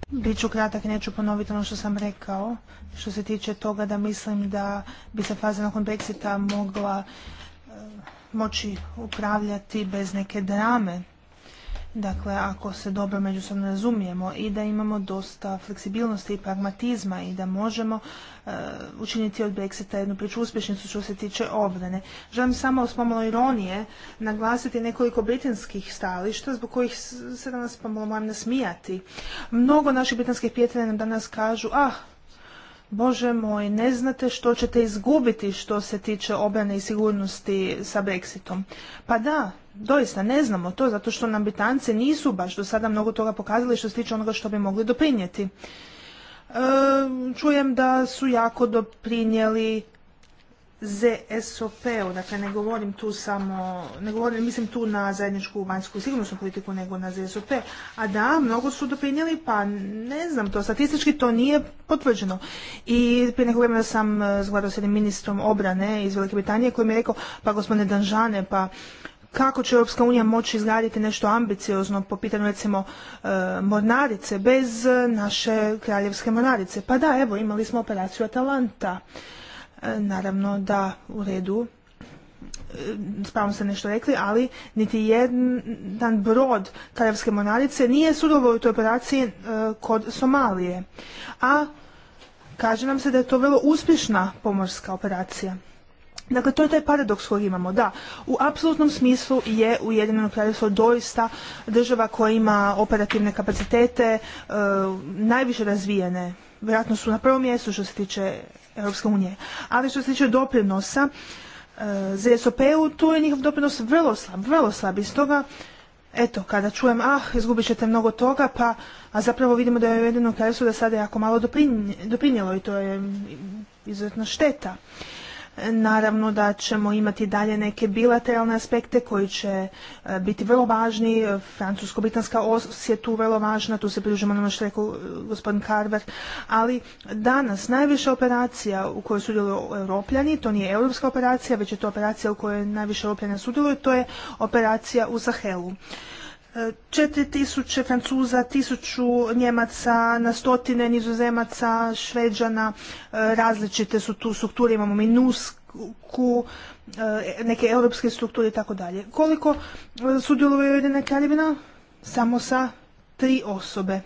Biću kratak i neću ponoviti ono što sam rekao. Što se tiče toga da mislim da bi se faza nakon Brexita mogla uh, moći upravljati bez neke drame Dakle, ako se dobro međusobno razumijemo i da imamo dosta fleksibilnosti i pragmatizma i da možemo e, učiniti od Brexita jednu priču uspješnicu što se tiče obrane. Želim samo s pomalo ironije naglasiti nekoliko britanskih stajališta zbog kojih se danas pomalo moram nasmijati. Mnogo naših britanskih prijatelja nam danas kažu, ah, Bože moj, ne znate što ćete izgubiti što se tiče obrane i sigurnosti sa Brexitom. Pa da, doista ne znamo to, zato što nam bitance nisu baš do sada mnogo toga pokazali što se tiče onoga što bi mogli doprinijeti. E, čujem da su jako doprinijeli ZSOP-u, dakle ne govorim tu samo, ne govorim, mislim tu na zajedničku vanjsku sigurnosnu politiku, nego na ZSOP, a da, mnogo su doprinijeli, pa ne znam to, statistički to nije potvrđeno. I prije nekog vremena sam e, zgledao s jednim ministrom obrane iz Velike Britanije koji mi je rekao, pa gospodine Danžane, pa kako će Europska unija moći izgraditi nešto ambiciozno po pitanju recimo e, mornarice bez naše kraljevske mornarice. Pa da, evo imali smo operaciju Atalanta. Naravno da u redu, spravo ste nešto rekli, ali niti jedan brod Karavske monarice nije sudjelovao u toj operaciji e, kod Somalije. A kaže nam se da je to vrlo uspješna pomorska operacija. Dakle, to je taj paradoks koji imamo. Da, u apsolutnom smislu je Ujedinjeno kraljevstvo doista država koja ima operativne kapacitete e, najviše razvijene vjerojatno su na prvom mjestu što se tiče Europske unije. Ali što se tiče doprinosa e, ZSOP-u, tu je njihov doprinos vrlo slab, vrlo slab. I stoga, eto, kada čujem, ah, izgubit ćete mnogo toga, pa a zapravo vidimo da je uvedeno su da sada jako malo doprinjelo i to je izuzetna šteta. Naravno da ćemo imati dalje neke bilateralne aspekte koji će e, biti vrlo važni. Francusko-britanska os je tu vrlo važna, tu se pridružimo na ono što rekao e, gospodin Carver. Ali danas najviše operacija u kojoj sudjeluju europljani, to nije europska operacija, već je to operacija u kojoj najviše europljana sudjeluju, to je operacija u Sahelu. 4000 Francuza, 1000 Njemaca, na stotine Nizozemaca, Šveđana, e, različite su tu strukture, imamo minusku, e, neke europske strukture i tako dalje. Koliko e, sudjeluje Ujedina Kraljevina? Samo sa tri osobe.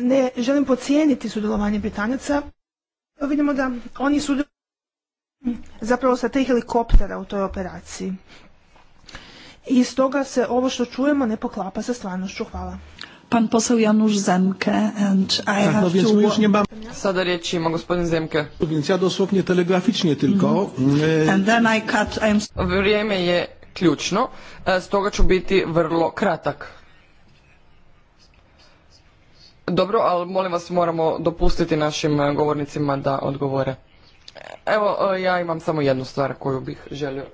Ne želim pocijeniti sudjelovanje Britanaca. Vidimo da oni sudjeluju zapravo sa tri helikoptera u toj operaciji i stoga se ovo što čujemo ne poklapa sa stvarnošću. Hvala. Pan posao Janusz Zemke and I have to... Sada riječ ima gospodin Zemke. Ja doslovnie telegraficznie tylko. Mhm. E, and then Vrijeme je ključno, e, stoga ću biti vrlo kratak. Dobro, ali molim vas moramo dopustiti našim e, govornicima da odgovore. Evo, ja imam samo jednu stvar koju bih želio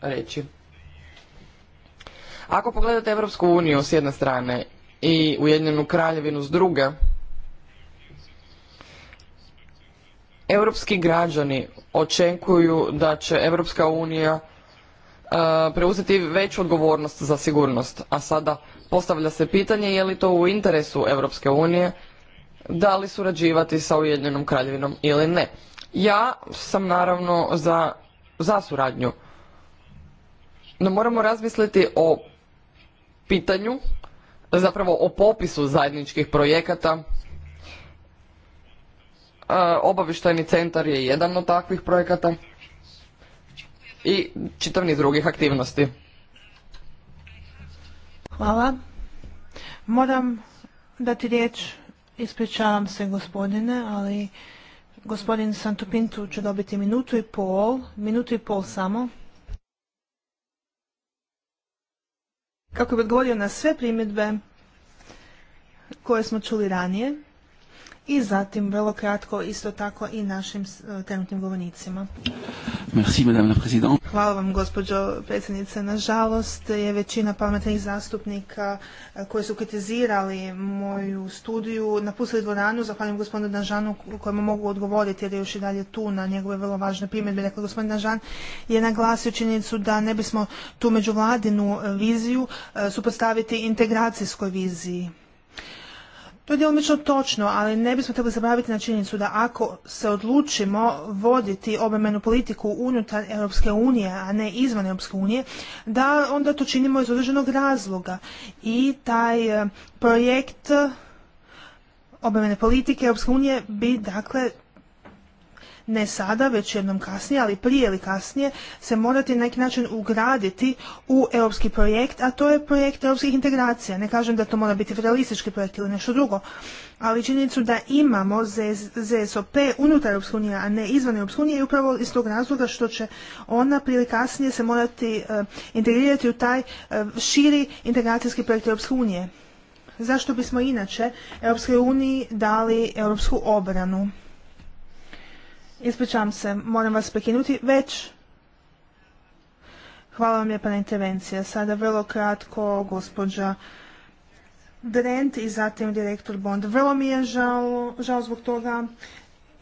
reći. Ako pogledate Europsku uniju s jedne strane i Ujedinjenu kraljevinu s druge, europski građani očekuju da će Europska unija e, preuzeti veću odgovornost za sigurnost. A sada postavlja se pitanje je li to u interesu Europske unije da li surađivati sa Ujedinjenom kraljevinom ili ne. Ja sam naravno za, za suradnju. No moramo razmisliti o pitanju, zapravo o popisu zajedničkih projekata. E, obavještajni centar je jedan od takvih projekata i čitav niz drugih aktivnosti. Hvala. Moram dati riječ, ispričavam se gospodine, ali gospodin Santopintu će dobiti minutu i pol, minutu i pol samo. kako bi odgovorio na sve primjedbe koje smo čuli ranije i zatim vrlo kratko isto tako i našim e, trenutnim govornicima. Hvala vam gospođo predsjednice. Nažalost je većina pametnih zastupnika e, koji su kritizirali moju studiju napustili dvoranu. Zahvaljujem gospodinu Danžanu kojemu mogu odgovoriti jer je još i dalje tu na njegove vrlo važne primjedbe. Dakle, gospodin Danžan je naglasio činjenicu da ne bismo tu međuvladinu e, viziju supostaviti integracijskoj viziji to je djelomično točno, ali ne bismo trebali zaboraviti na činjenicu da ako se odlučimo voditi obrambenu politiku unutar Europske unije, a ne izvan Europske unije, da onda to činimo iz određenog razloga. I taj eh, projekt eh, obrambene politike Europske unije bi dakle ne sada, već jednom kasnije, ali prije ili kasnije, se morati na neki način ugraditi u europski projekt, a to je projekt europskih integracija. Ne kažem da to mora biti realistički projekt ili nešto drugo, ali činjenicu da imamo ZSOP unutar Europske unije, a ne izvan Europske unije, je upravo iz tog razloga što će ona prije ili kasnije se morati eh, integrirati u taj eh, širi integracijski projekt Europske unije. Zašto bismo inače Europske uniji dali europsku obranu? Ispričavam se, moram vas prekinuti. Već Hvala vam lijepa na intervencije. Sada vrlo kratko gospođa Drent i zatim direktor Bond. Vrlo mi je žao, zbog toga.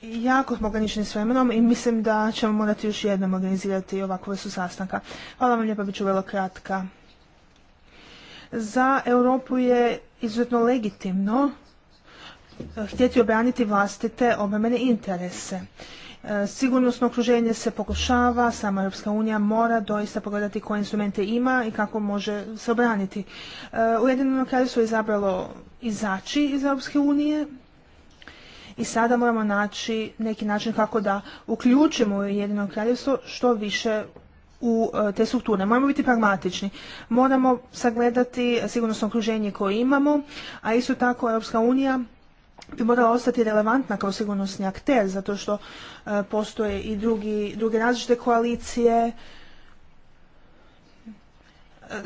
Jako smo ograničeni s vremenom i mislim da ćemo morati još jednom organizirati ovakve su sastanka. Hvala vam lijepa, bit ću vrlo kratka. Za Europu je izuzetno legitimno htjeti obraniti vlastite obrambene interese. E, sigurnosno okruženje se pokušava, sama Europska unija mora doista pogledati koje instrumente ima i kako može se obraniti. E, Ujedinjeno kraljevstvo je izabralo izaći iz Europske unije i sada moramo naći neki način kako da uključimo Ujedinjeno kraljevstvo što više u e, te strukture. Moramo biti pragmatični. Moramo sagledati sigurnosno okruženje koje imamo, a isto tako Europska unija bi morala ostati relevantna kao sigurnosni akter, zato što e, postoje i druge različite koalicije e,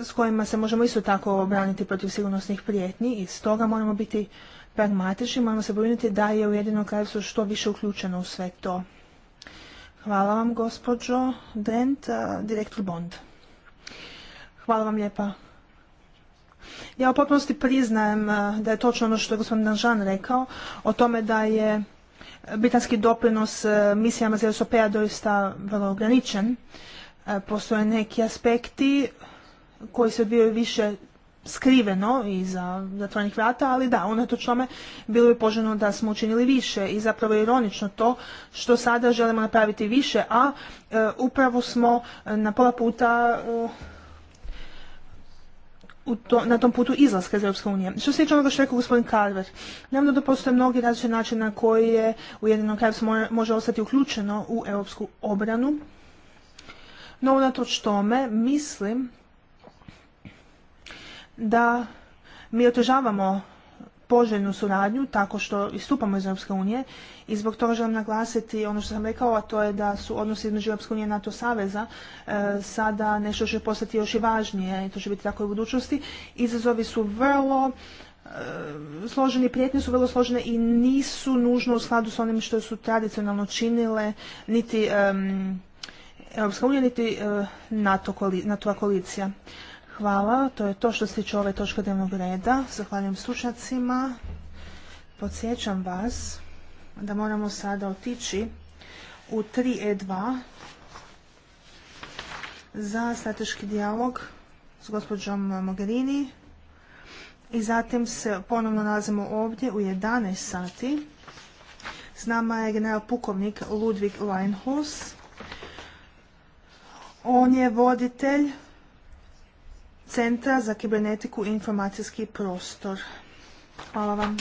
s kojima se možemo isto tako obraniti protiv sigurnosnih prijetnji i stoga moramo biti pragmatični, moramo se brinuti da je ujedino kraljevstvo što više uključeno u sve to. Hvala vam gospođo Drent, direktor Bond. Hvala vam lijepa ja u potpunosti priznajem e, da je točno ono što je gospodin Danžan rekao o tome da je britanski doprinos e, misijama sop a p-a doista vrlo ograničen. E, postoje neki aspekti koji se odvijaju više skriveno za zatvorenih vrata, ali da, unatoč tome bilo bi poželjno da smo učinili više i zapravo ironično to što sada želimo napraviti više, a upravo smo na pola puta u na tom putu izlaska iz Europske unije. Što se tiče onoga što je rekao gospodin Carver, naravno da postoje mnogi različiti načini na koji je Ujedinjeno kraljevstvo može ostati uključeno u europsku obranu, no unatoč tome mislim da mi otežavamo poželjnu suradnju tako što istupamo iz Europske unije i zbog toga želim naglasiti ono što sam rekao, a to je da su odnosi između Europske unije i NATO saveza e, sada nešto će postati još i važnije i to će biti tako i u budućnosti. Izazovi su vrlo e, složeni, prijetnje su vrlo složene i nisu nužno u skladu s onim što su tradicionalno činile niti Europska unija niti e, NATO-a koalicija. Hvala, to je to što se tiče ove točke dnevnog reda. Zahvaljujem slušnjacima. Podsjećam vas da moramo sada otići u 3 e za strateški dijalog s gospođom Mogherini i zatim se ponovno nalazimo ovdje u 11 sati. S nama je general pukovnik Ludvig Leinhus. On je voditelj Centra za kibernetiku i informacijski prostor. Hvala vam.